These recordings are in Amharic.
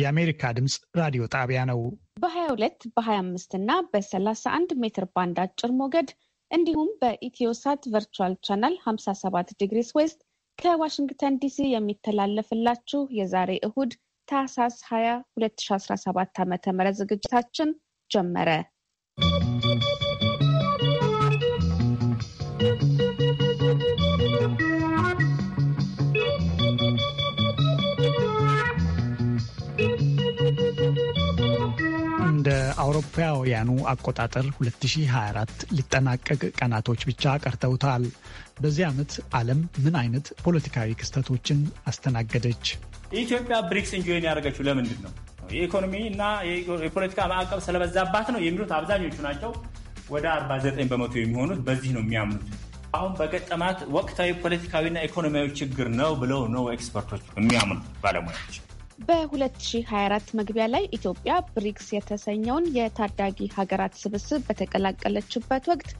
የአሜሪካ ድምፅ ራዲዮ ጣቢያ ነው። በ22 በ25 እና በ31 ሜትር ባንድ አጭር ሞገድ እንዲሁም በኢትዮሳት ቨርቹዋል ቻናል 57 ዲግሪስ ዌስት ከዋሽንግተን ዲሲ የሚተላለፍላችሁ የዛሬ እሁድ ታህሳስ 20 2017 ም ዝግጅታችን ጀመረ። በአውሮፓውያኑ አቆጣጠር 2024 ሊጠናቀቅ ቀናቶች ብቻ ቀርተውታል። በዚህ ዓመት ዓለም ምን አይነት ፖለቲካዊ ክስተቶችን አስተናገደች? የኢትዮጵያ ብሪክስ እንጆይን ያደረገችው ለምንድን ነው? የኢኮኖሚ እና የፖለቲካ ማዕቀብ ስለበዛባት ነው የሚሉት አብዛኞቹ ናቸው። ወደ 49 በመቶ የሚሆኑት በዚህ ነው የሚያምኑት። አሁን በገጠማት ወቅታዊ ፖለቲካዊና ኢኮኖሚያዊ ችግር ነው ብለው ነው ኤክስፐርቶች የሚያምኑት ባለሙያዎች በ2024 መግቢያ ላይ ኢትዮጵያ ብሪክስ የተሰኘውን የታዳጊ ሀገራት ስብስብ በተቀላቀለችበት ወቅት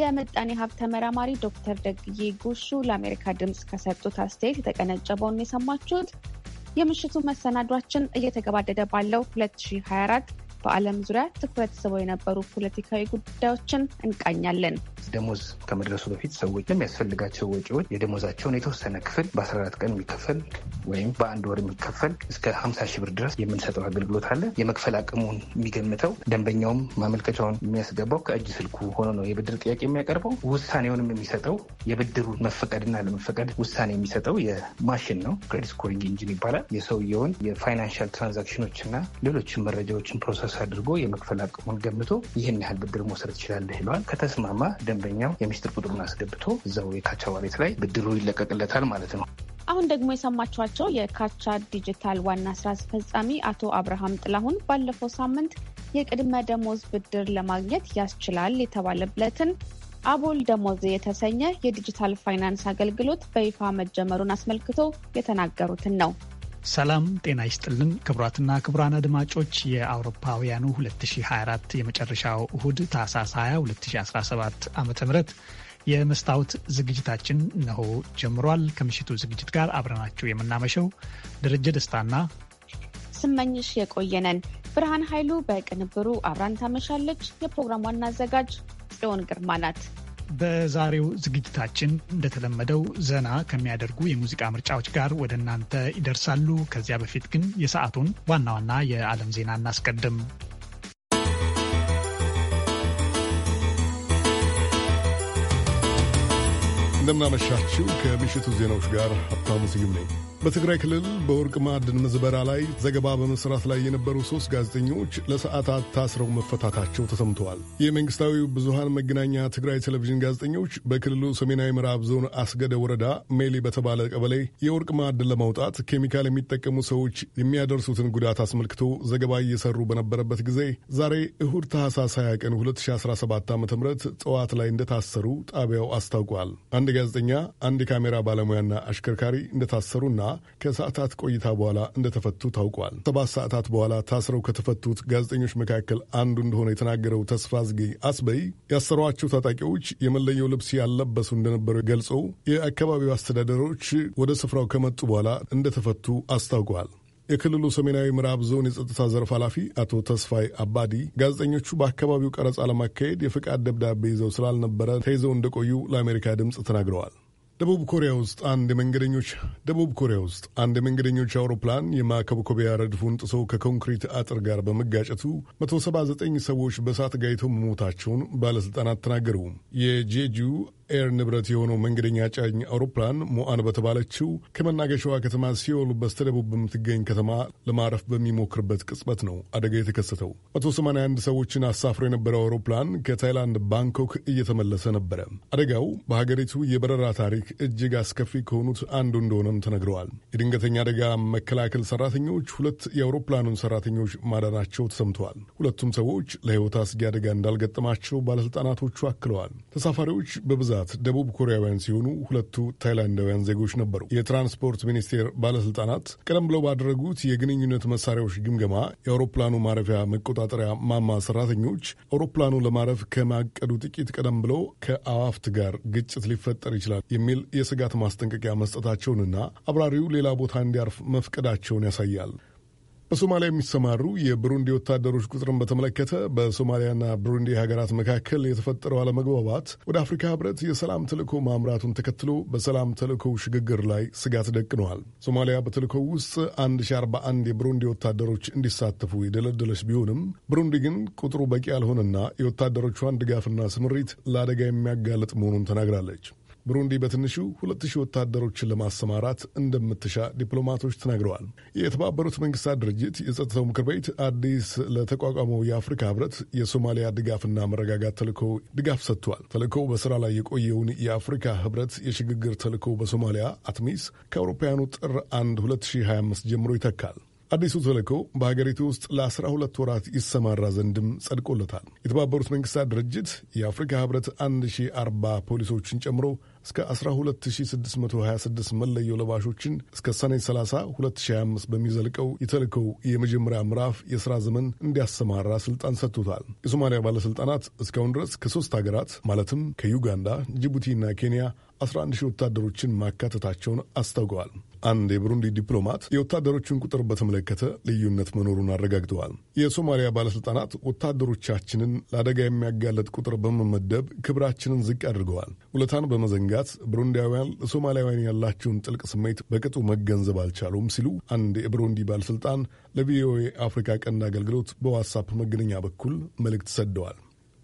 የምጣኔ ሀብት ተመራማሪ ዶክተር ደግዬ ጉሹ ለአሜሪካ ድምፅ ከሰጡት አስተያየት የተቀነጨበውን የሰማችሁት። የምሽቱ መሰናዷችን እየተገባደደ ባለው 2024 በዓለም ዙሪያ ትኩረት ስበው የነበሩ ፖለቲካዊ ጉዳዮችን እንቃኛለን። ደሞዝ ከመድረሱ በፊት ሰዎች የሚያስፈልጋቸው ወጪዎች የደሞዛቸውን የተወሰነ ክፍል በ14 ቀን የሚከፈል ወይም በአንድ ወር የሚከፈል እስከ 50 ሺህ ብር ድረስ የምንሰጠው አገልግሎት አለ። የመክፈል አቅሙን የሚገምተው ደንበኛውም ማመልከቻውን የሚያስገባው ከእጅ ስልኩ ሆኖ ነው የብድር ጥያቄ የሚያቀርበው። ውሳኔውንም የሚሰጠው የብድሩ መፈቀድና ለመፈቀድ ውሳኔ የሚሰጠው የማሽን ነው። ክሬዲት ስኮሪንግ ኢንጂን ይባላል። የሰውየውን የፋይናንሻል ትራንዛክሽኖችና ሌሎችን መረጃዎችን ፕሮሰስ ቅነሳ አድርጎ የመክፈል አቅሙን ገምቶ ይህን ያህል ብድር መውሰድ ትችላለህ ይለዋል። ከተስማማ ደንበኛው የሚስጥር ቁጥሩን አስገብቶ እዛው የካቻ ዋሌት ላይ ብድሩ ይለቀቅለታል ማለት ነው። አሁን ደግሞ የሰማችኋቸው የካቻ ዲጂታል ዋና ስራ አስፈጻሚ አቶ አብርሃም ጥላሁን ባለፈው ሳምንት የቅድመ ደሞዝ ብድር ለማግኘት ያስችላል የተባለለትን አቦል ደሞዝ የተሰኘ የዲጂታል ፋይናንስ አገልግሎት በይፋ መጀመሩን አስመልክቶ የተናገሩትን ነው። ሰላም ጤና ይስጥልን ክቡራትና ክቡራን አድማጮች የአውሮፓውያኑ 2024 የመጨረሻው እሁድ ታህሳስ 20 2017 ዓ ም የመስታወት ዝግጅታችን እነሆ ጀምሯል። ከምሽቱ ዝግጅት ጋር አብረናችሁ የምናመሸው ደረጀ ደስታና ስመኝሽ የቆየነን። ብርሃን ኃይሉ በቅንብሩ አብራን ታመሻለች። የፕሮግራም ዋና አዘጋጅ ጽዮን ግርማ ናት። በዛሬው ዝግጅታችን እንደተለመደው ዘና ከሚያደርጉ የሙዚቃ ምርጫዎች ጋር ወደ እናንተ ይደርሳሉ። ከዚያ በፊት ግን የሰዓቱን ዋና ዋና የዓለም ዜና እናስቀድም። እንደምናመሻችው ከምሽቱ ዜናዎች ጋር ሀብታሙ ስዩም ነኝ። በትግራይ ክልል በወርቅ ማዕድን ምዝበራ ላይ ዘገባ በመስራት ላይ የነበሩ ሶስት ጋዜጠኞች ለሰዓታት ታስረው መፈታታቸው ተሰምተዋል። የመንግስታዊው ብዙሃን መገናኛ ትግራይ ቴሌቪዥን ጋዜጠኞች በክልሉ ሰሜናዊ ምዕራብ ዞን አስገደ ወረዳ ሜሊ በተባለ ቀበሌ የወርቅ ማዕድን ለማውጣት ኬሚካል የሚጠቀሙ ሰዎች የሚያደርሱትን ጉዳት አስመልክቶ ዘገባ እየሰሩ በነበረበት ጊዜ ዛሬ እሁድ ታህሳስ 20 ቀን 2017 ዓ ም ጠዋት ላይ እንደታሰሩ ጣቢያው አስታውቋል። አንድ ጋዜጠኛ፣ አንድ የካሜራ ባለሙያና አሽከርካሪ እንደታሰሩና ከሰዓታት ቆይታ በኋላ እንደተፈቱ ታውቋል። ሰባት ሰዓታት በኋላ ታስረው ከተፈቱት ጋዜጠኞች መካከል አንዱ እንደሆነ የተናገረው ተስፋ አዝጌ አስበይ ያሰሯቸው ታጣቂዎች የመለየው ልብስ ያለበሱ እንደነበሩ ገልጾ የአካባቢው አስተዳደሮች ወደ ስፍራው ከመጡ በኋላ እንደተፈቱ አስታውቀዋል። የክልሉ ሰሜናዊ ምዕራብ ዞን የጸጥታ ዘርፍ ኃላፊ አቶ ተስፋይ አባዲ ጋዜጠኞቹ በአካባቢው ቀረጻ ለማካሄድ የፈቃድ ደብዳቤ ይዘው ስላልነበረ ተይዘው እንደቆዩ ለአሜሪካ ድምፅ ተናግረዋል። ደቡብ ኮሪያ ውስጥ አንድ የመንገደኞች ደቡብ ኮሪያ ውስጥ አንድ የመንገደኞች አውሮፕላን የማከብኮቢያ ረድፉን ጥሶ ከኮንክሪት አጥር ጋር በመጋጨቱ 179 ሰዎች በእሳት ጋይተው መሞታቸውን ባለሥልጣናት ተናገሩ። የጄጁ ኤር ንብረት የሆነው መንገደኛ ጫኝ አውሮፕላን ሞአን በተባለችው ከመናገሻዋ ከተማ ሲዮል በስተደቡብ በምትገኝ ከተማ ለማረፍ በሚሞክርበት ቅጽበት ነው አደጋ የተከሰተው። 181 ሰዎችን አሳፍሮ የነበረው አውሮፕላን ከታይላንድ ባንኮክ እየተመለሰ ነበረ። አደጋው በሀገሪቱ የበረራ ታሪክ እጅግ አስከፊ ከሆኑት አንዱ እንደሆነም ተነግረዋል። የድንገተኛ አደጋ መከላከል ሰራተኞች ሁለት የአውሮፕላኑን ሰራተኞች ማዳናቸው ተሰምተዋል። ሁለቱም ሰዎች ለሕይወት አስጊ አደጋ እንዳልገጠማቸው ባለሥልጣናቶቹ አክለዋል። ተሳፋሪዎች በብዛት ደቡብ ኮሪያውያን ሲሆኑ ሁለቱ ታይላንዳውያን ዜጎች ነበሩ። የትራንስፖርት ሚኒስቴር ባለሥልጣናት ቀደም ብለው ባደረጉት የግንኙነት መሳሪያዎች ግምገማ የአውሮፕላኑ ማረፊያ መቆጣጠሪያ ማማ ሰራተኞች አውሮፕላኑ ለማረፍ ከማቀዱ ጥቂት ቀደም ብለው ከአዋፍት ጋር ግጭት ሊፈጠር ይችላል የሚል የስጋት ማስጠንቀቂያ መስጠታቸውንና አብራሪው ሌላ ቦታ እንዲያርፍ መፍቀዳቸውን ያሳያል። በሶማሊያ የሚሰማሩ የብሩንዲ ወታደሮች ቁጥርን በተመለከተ በሶማሊያና ብሩንዲ ሀገራት መካከል የተፈጠረው አለመግባባት ወደ አፍሪካ ህብረት የሰላም ተልእኮ ማምራቱን ተከትሎ በሰላም ተልእኮው ሽግግር ላይ ስጋት ደቅነዋል። ሶማሊያ በተልእኮው ውስጥ 1041 የብሩንዲ ወታደሮች እንዲሳተፉ የደለደለች ቢሆንም ብሩንዲ ግን ቁጥሩ በቂ ያልሆነና የወታደሮቿን ድጋፍና ስምሪት ለአደጋ የሚያጋልጥ መሆኑን ተናግራለች። ብሩንዲ በትንሹ ሁለት ሺህ ወታደሮችን ለማሰማራት እንደምትሻ ዲፕሎማቶች ተናግረዋል። የተባበሩት መንግስታት ድርጅት የጸጥታው ምክር ቤት አዲስ ለተቋቋመው የአፍሪካ ህብረት የሶማሊያ ድጋፍና መረጋጋት ተልእኮ ድጋፍ ሰጥቷል። ተልእኮው በስራ ላይ የቆየውን የአፍሪካ ህብረት የሽግግር ተልእኮ በሶማሊያ አትሚስ ከአውሮፓውያኑ ጥር 1 2025 ጀምሮ ይተካል። አዲሱ ተልእኮ በሀገሪቱ ውስጥ ለ12 ወራት ይሰማራ ዘንድም ጸድቆለታል። የተባበሩት መንግስታት ድርጅት የአፍሪካ ህብረት 1040 ፖሊሶችን ጨምሮ እስከ 12626 መለየው ለባሾችን እስከ ሰኔ 30 2025 በሚዘልቀው የተልእኮው የመጀመሪያ ምዕራፍ የሥራ ዘመን እንዲያሰማራ ስልጣን ሰጥቶታል። የሶማሊያ ባለሥልጣናት እስካሁን ድረስ ከሦስት ሀገራት ማለትም ከዩጋንዳ፣ ጅቡቲና ኬንያ 11 ሺህ ወታደሮችን ማካተታቸውን አስታውቀዋል። አንድ የብሩንዲ ዲፕሎማት የወታደሮቹን ቁጥር በተመለከተ ልዩነት መኖሩን አረጋግጠዋል። የሶማሊያ ባለሥልጣናት ወታደሮቻችንን ለአደጋ የሚያጋለጥ ቁጥር በመመደብ ክብራችንን ዝቅ አድርገዋል። ውለታን በመዘንጋት ብሩንዲያውያን ለሶማሊያውያን ያላቸውን ጥልቅ ስሜት በቅጡ መገንዘብ አልቻሉም ሲሉ አንድ የብሩንዲ ባለሥልጣን ለቪኦኤ አፍሪካ ቀንድ አገልግሎት በዋትሳፕ መገናኛ በኩል መልእክት ሰደዋል።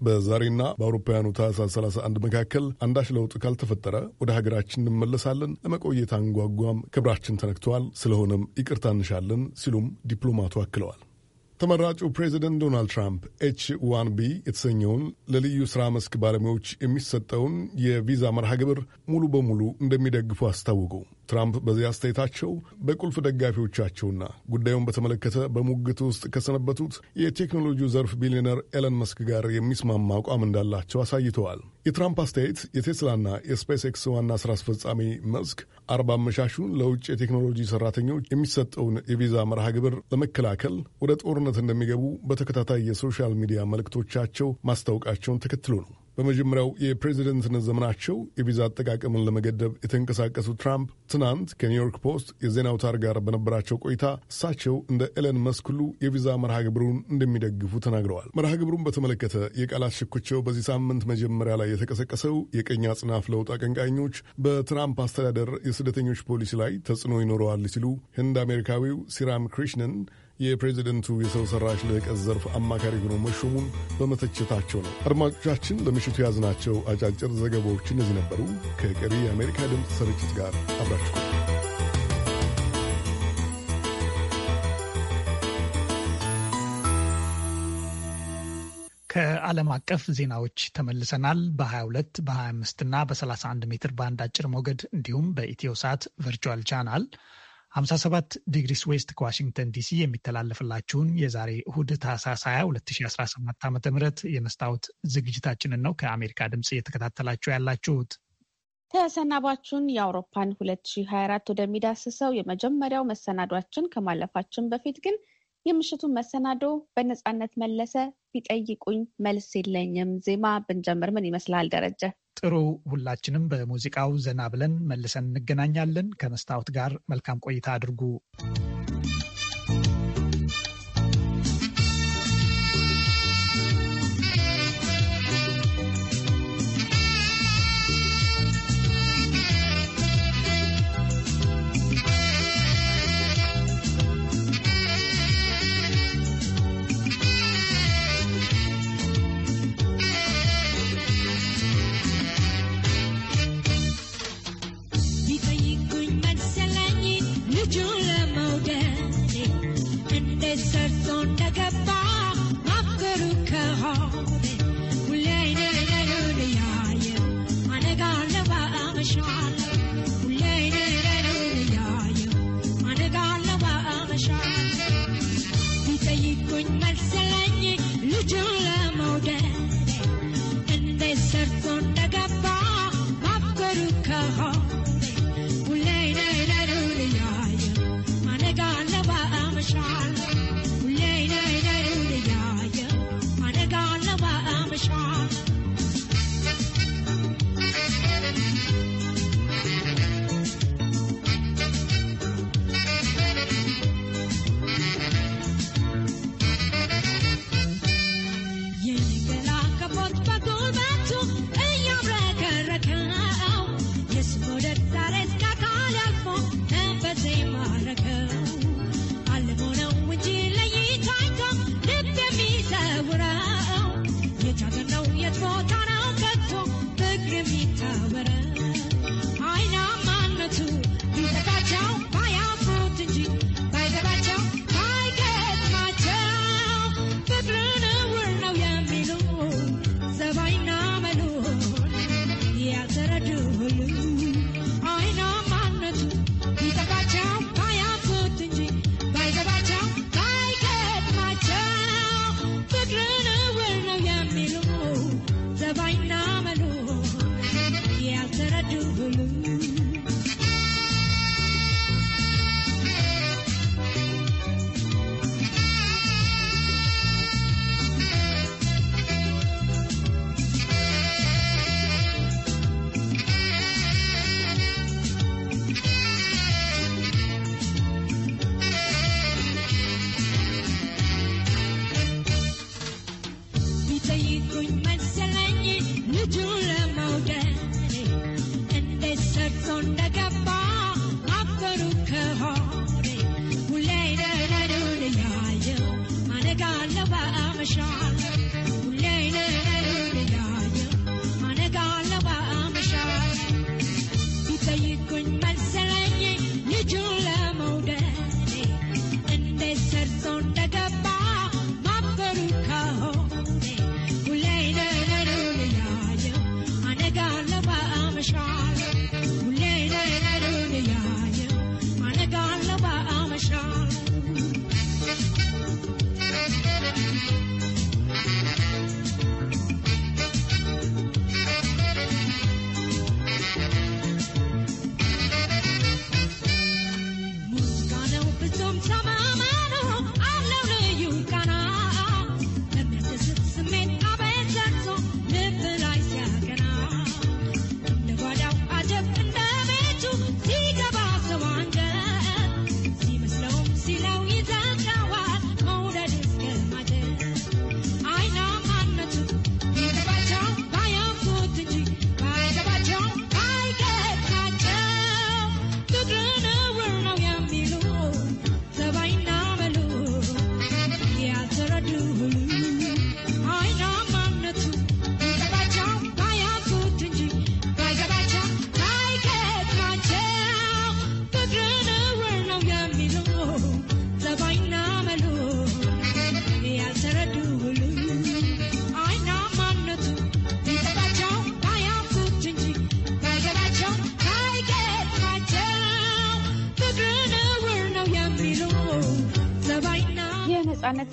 በዛሬና በአውሮፓውያኑ ታህሳስ 31 መካከል አንዳች ለውጥ ካልተፈጠረ ወደ ሀገራችን እንመለሳለን፣ ለመቆየት አንጓጓም፣ ክብራችን ተነክተዋል፣ ስለሆነም ይቅርታ እንሻለን ሲሉም ዲፕሎማቱ አክለዋል። ተመራጩ ፕሬዚደንት ዶናልድ ትራምፕ ኤች ዋን ቢ የተሰኘውን ለልዩ ሥራ መስክ ባለሙያዎች የሚሰጠውን የቪዛ መርሃ ግብር ሙሉ በሙሉ እንደሚደግፉ አስታወቁ። ትራምፕ በዚህ አስተያየታቸው በቁልፍ ደጋፊዎቻቸውና ጉዳዩን በተመለከተ በሙግት ውስጥ ከሰነበቱት የቴክኖሎጂው ዘርፍ ቢሊዮነር ኤለን መስክ ጋር የሚስማማ አቋም እንዳላቸው አሳይተዋል። የትራምፕ አስተያየት የቴስላና የስፔስ ኤክስ ዋና ሥራ አስፈጻሚ መስክ አርብ አመሻሹን ለውጭ የቴክኖሎጂ ሰራተኞች የሚሰጠውን የቪዛ መርሃ ግብር ለመከላከል ወደ ጦርነት እንደሚገቡ በተከታታይ የሶሻል ሚዲያ መልእክቶቻቸው ማስታወቃቸውን ተከትሎ ነው። በመጀመሪያው የፕሬዚደንትነት ዘመናቸው የቪዛ አጠቃቀምን ለመገደብ የተንቀሳቀሱ ትራምፕ ትናንት ከኒውዮርክ ፖስት የዜና አውታር ጋር በነበራቸው ቆይታ እሳቸው እንደ ኤለን መስክ ሁሉ የቪዛ መርሃ ግብሩን እንደሚደግፉ ተናግረዋል። መርሃ ግብሩን በተመለከተ የቃላት ሽኩቻው በዚህ ሳምንት መጀመሪያ ላይ የተቀሰቀሰው የቀኝ አጽናፍ ለውጥ አቀንቃኞች በትራምፕ አስተዳደር የስደተኞች ፖሊሲ ላይ ተጽዕኖ ይኖረዋል ሲሉ ህንድ አሜሪካዊው ሲራም ክሪሽነን የፕሬዚደንቱ የሰው ሰራሽ ልዕቀት ዘርፍ አማካሪ ሆኖ መሾሙን በመተቸታቸው ነው። አድማጮቻችን፣ ለምሽቱ የያዝናቸው አጫጭር ዘገባዎች እነዚህ ነበሩ። ከቀሪ የአሜሪካ ድምፅ ስርጭት ጋር አብራችሁ ከዓለም አቀፍ ዜናዎች ተመልሰናል። በ22 በ25 እና በ31 ሜትር ባንድ አጭር ሞገድ እንዲሁም በኢትዮ ሳት ቨርቹዋል ቻናል 57 ዲግሪስ ዌስት ከዋሽንግተን ዲሲ የሚተላለፍላችሁን የዛሬ እሁድ ታህሳስ 20 2017 ዓ ም የመስታወት ዝግጅታችንን ነው ከአሜሪካ ድምፅ እየተከታተላችሁ ያላችሁት። ተሰናባችን የአውሮፓን 2024 ወደሚዳስሰው የመጀመሪያው መሰናዷችን ከማለፋችን በፊት ግን የምሽቱን መሰናዶ በነፃነት መለሰ ቢጠይቁኝ መልስ የለኝም ዜማ ብንጀምር ምን ይመስላል ደረጀ? ጥሩ። ሁላችንም በሙዚቃው ዘና ብለን መልሰን እንገናኛለን። ከመስታወት ጋር መልካም ቆይታ አድርጉ። So.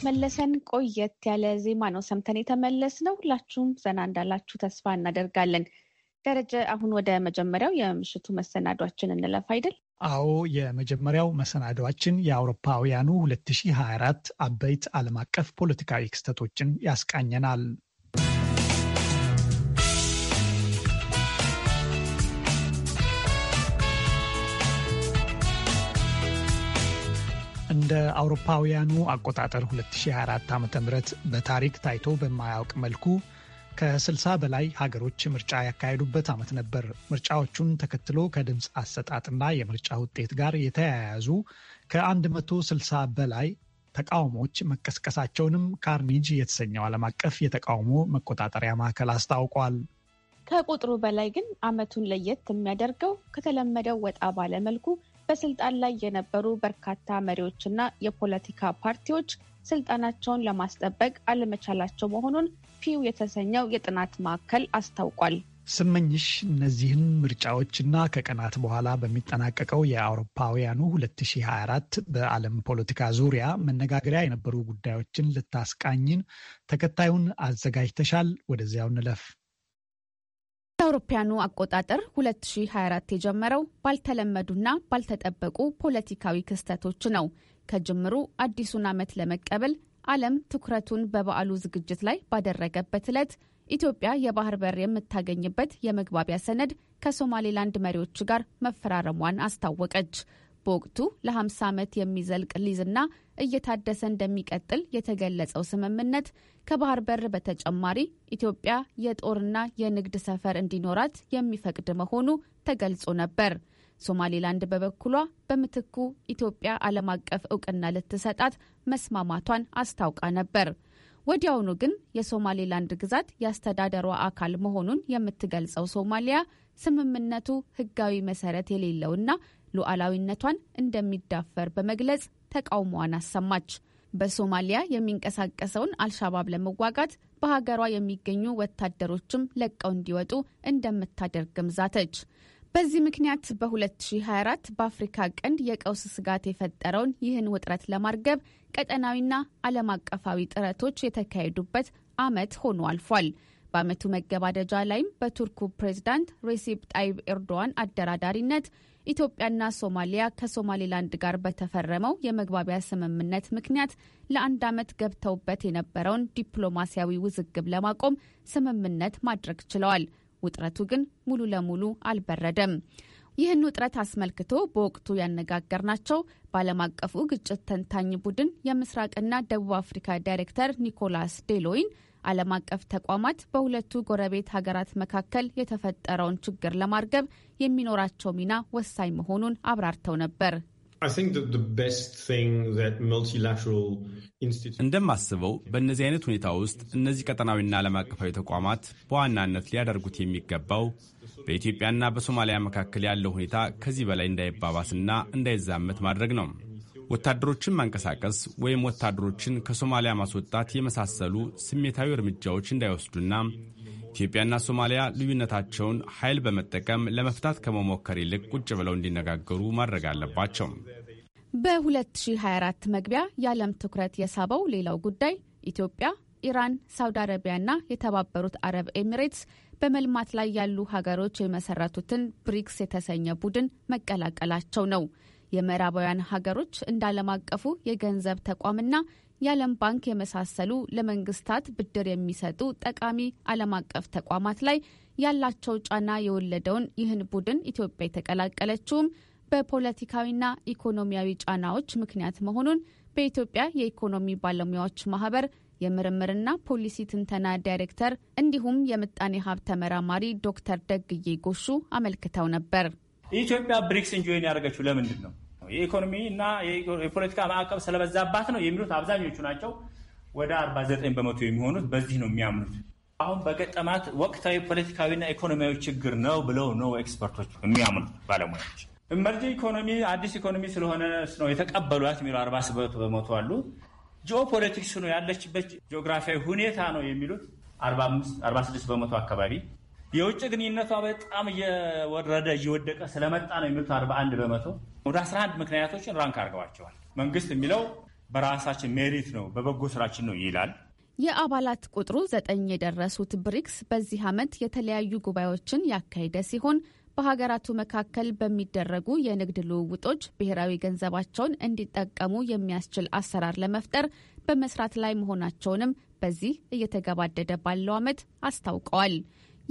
መለሰን ቆየት ያለ ዜማ ነው ሰምተን የተመለስ ነው። ሁላችሁም ዘና እንዳላችሁ ተስፋ እናደርጋለን። ደረጀ፣ አሁን ወደ መጀመሪያው የምሽቱ መሰናዷችን እንለፍ አይደል? አዎ፣ የመጀመሪያው መሰናዷችን የአውሮፓውያኑ 2024 አበይት ዓለም አቀፍ ፖለቲካዊ ክስተቶችን ያስቃኘናል። እንደ አውሮፓውያኑ አቆጣጠር 2024 ዓ ም በታሪክ ታይቶ በማያውቅ መልኩ ከ60 በላይ ሀገሮች ምርጫ ያካሄዱበት ዓመት ነበር። ምርጫዎቹን ተከትሎ ከድምፅ አሰጣጥና የምርጫ ውጤት ጋር የተያያዙ ከ160 በላይ ተቃውሞዎች መቀስቀሳቸውንም ካርኒጅ የተሰኘው ዓለም አቀፍ የተቃውሞ መቆጣጠሪያ ማዕከል አስታውቋል። ከቁጥሩ በላይ ግን ዓመቱን ለየት የሚያደርገው ከተለመደው ወጣ ባለ መልኩ በስልጣን ላይ የነበሩ በርካታ መሪዎችና የፖለቲካ ፓርቲዎች ስልጣናቸውን ለማስጠበቅ አለመቻላቸው መሆኑን ፒው የተሰኘው የጥናት ማዕከል አስታውቋል። ስመኝሽ እነዚህን ምርጫዎችና ከቀናት በኋላ በሚጠናቀቀው የአውሮፓውያኑ 2024 በዓለም ፖለቲካ ዙሪያ መነጋገሪያ የነበሩ ጉዳዮችን ልታስቃኝን ተከታዩን አዘጋጅተሻል። ወደዚያው እንለፍ። አውሮፓያኑ አቆጣጠር 2024 የጀመረው ባልተለመዱና ባልተጠበቁ ፖለቲካዊ ክስተቶች ነው። ከጅምሩ አዲሱን ዓመት ለመቀበል ዓለም ትኩረቱን በበዓሉ ዝግጅት ላይ ባደረገበት ዕለት ኢትዮጵያ የባህር በር የምታገኝበት የመግባቢያ ሰነድ ከሶማሌላንድ መሪዎች ጋር መፈራረሟን አስታወቀች። በወቅቱ ለ50 ዓመት የሚዘልቅ ሊዝና እየታደሰ እንደሚቀጥል የተገለጸው ስምምነት ከባህር በር በተጨማሪ ኢትዮጵያ የጦርና የንግድ ሰፈር እንዲኖራት የሚፈቅድ መሆኑ ተገልጾ ነበር። ሶማሌላንድ በበኩሏ በምትኩ ኢትዮጵያ ዓለም አቀፍ እውቅና ልትሰጣት መስማማቷን አስታውቃ ነበር። ወዲያውኑ ግን የሶማሌላንድ ግዛት የአስተዳደሯ አካል መሆኑን የምትገልጸው ሶማሊያ ስምምነቱ ሕጋዊ መሰረት የሌለውና ሉዓላዊነቷን እንደሚዳፈር በመግለጽ ተቃውሞዋን አሰማች። በሶማሊያ የሚንቀሳቀሰውን አልሻባብ ለመዋጋት በሀገሯ የሚገኙ ወታደሮችም ለቀው እንዲወጡ እንደምታደርግም ዛተች። በዚህ ምክንያት በ2024 በአፍሪካ ቀንድ የቀውስ ስጋት የፈጠረውን ይህን ውጥረት ለማርገብ ቀጠናዊና ዓለም አቀፋዊ ጥረቶች የተካሄዱበት ዓመት ሆኖ አልፏል። በዓመቱ መገባደጃ ላይም በቱርኩ ፕሬዝዳንት ሬሲፕ ጣይብ ኤርዶዋን አደራዳሪነት ኢትዮጵያና ሶማሊያ ከሶማሌላንድ ጋር በተፈረመው የመግባቢያ ስምምነት ምክንያት ለአንድ ዓመት ገብተውበት የነበረውን ዲፕሎማሲያዊ ውዝግብ ለማቆም ስምምነት ማድረግ ችለዋል። ውጥረቱ ግን ሙሉ ለሙሉ አልበረደም። ይህን ውጥረት አስመልክቶ በወቅቱ ያነጋገርናቸው በዓለም አቀፉ ግጭት ተንታኝ ቡድን የምስራቅና ደቡብ አፍሪካ ዳይሬክተር ኒኮላስ ዴሎይን ዓለም አቀፍ ተቋማት በሁለቱ ጎረቤት ሀገራት መካከል የተፈጠረውን ችግር ለማርገብ የሚኖራቸው ሚና ወሳኝ መሆኑን አብራርተው ነበር። እንደማስበው በእነዚህ አይነት ሁኔታ ውስጥ እነዚህ ቀጠናዊና ዓለም አቀፋዊ ተቋማት በዋናነት ሊያደርጉት የሚገባው በኢትዮጵያና በሶማሊያ መካከል ያለው ሁኔታ ከዚህ በላይ እንዳይባባስና እንዳይዛመት ማድረግ ነው። ወታደሮችን ማንቀሳቀስ ወይም ወታደሮችን ከሶማሊያ ማስወጣት የመሳሰሉ ስሜታዊ እርምጃዎች እንዳይወስዱና ኢትዮጵያና ሶማሊያ ልዩነታቸውን ኃይል በመጠቀም ለመፍታት ከመሞከር ይልቅ ቁጭ ብለው እንዲነጋገሩ ማድረግ አለባቸው። በ2024 መግቢያ የዓለም ትኩረት የሳበው ሌላው ጉዳይ ኢትዮጵያ፣ ኢራን፣ ሳውዲ አረቢያና የተባበሩት አረብ ኤሚሬትስ በመልማት ላይ ያሉ ሀገሮች የመሰረቱትን ብሪክስ የተሰኘ ቡድን መቀላቀላቸው ነው። የምዕራባውያን ሀገሮች እንደ ዓለም አቀፉ የገንዘብ ተቋምና የዓለም ባንክ የመሳሰሉ ለመንግስታት ብድር የሚሰጡ ጠቃሚ ዓለም አቀፍ ተቋማት ላይ ያላቸው ጫና የወለደውን ይህን ቡድን ኢትዮጵያ የተቀላቀለችውም በፖለቲካዊና ኢኮኖሚያዊ ጫናዎች ምክንያት መሆኑን በኢትዮጵያ የኢኮኖሚ ባለሙያዎች ማህበር የምርምርና ፖሊሲ ትንተና ዳይሬክተር እንዲሁም የምጣኔ ሀብት ተመራማሪ ዶክተር ደግዬ ጎሹ አመልክተው ነበር። ኢትዮጵያ ብሪክስን ጆይን ያደረገችው ለምንድን ነው? የኢኮኖሚ እና የፖለቲካ ማዕቀብ ስለበዛባት ነው የሚሉት አብዛኞቹ ናቸው። ወደ 49 በመቶ የሚሆኑት በዚህ ነው የሚያምኑት። አሁን በገጠማት ወቅታዊ ፖለቲካዊና ኢኮኖሚያዊ ችግር ነው ብለው ነው ኤክስፐርቶች የሚያምኑት ባለሙያዎች። መርጂ ኢኮኖሚ አዲስ ኢኮኖሚ ስለሆነ ነው የተቀበሏት የሚለው 47 በመቶ አሉ። ጂኦፖለቲክስ ነው ያለችበት ጂኦግራፊያዊ ሁኔታ ነው የሚሉት 46 በመቶ አካባቢ የውጭ ግንኙነቷ በጣም እየወረደ እየወደቀ ስለመጣ ነው የሚሉት 41 በመቶ ወደ 11 ምክንያቶችን ራንክ አድርገዋቸዋል። መንግስት የሚለው በራሳችን ሜሪት ነው በበጎ ስራችን ነው ይላል። የአባላት ቁጥሩ ዘጠኝ የደረሱት ብሪክስ በዚህ ዓመት የተለያዩ ጉባኤዎችን ያካሄደ ሲሆን በሀገራቱ መካከል በሚደረጉ የንግድ ልውውጦች ብሔራዊ ገንዘባቸውን እንዲጠቀሙ የሚያስችል አሰራር ለመፍጠር በመስራት ላይ መሆናቸውንም በዚህ እየተገባደደ ባለው ዓመት አስታውቀዋል።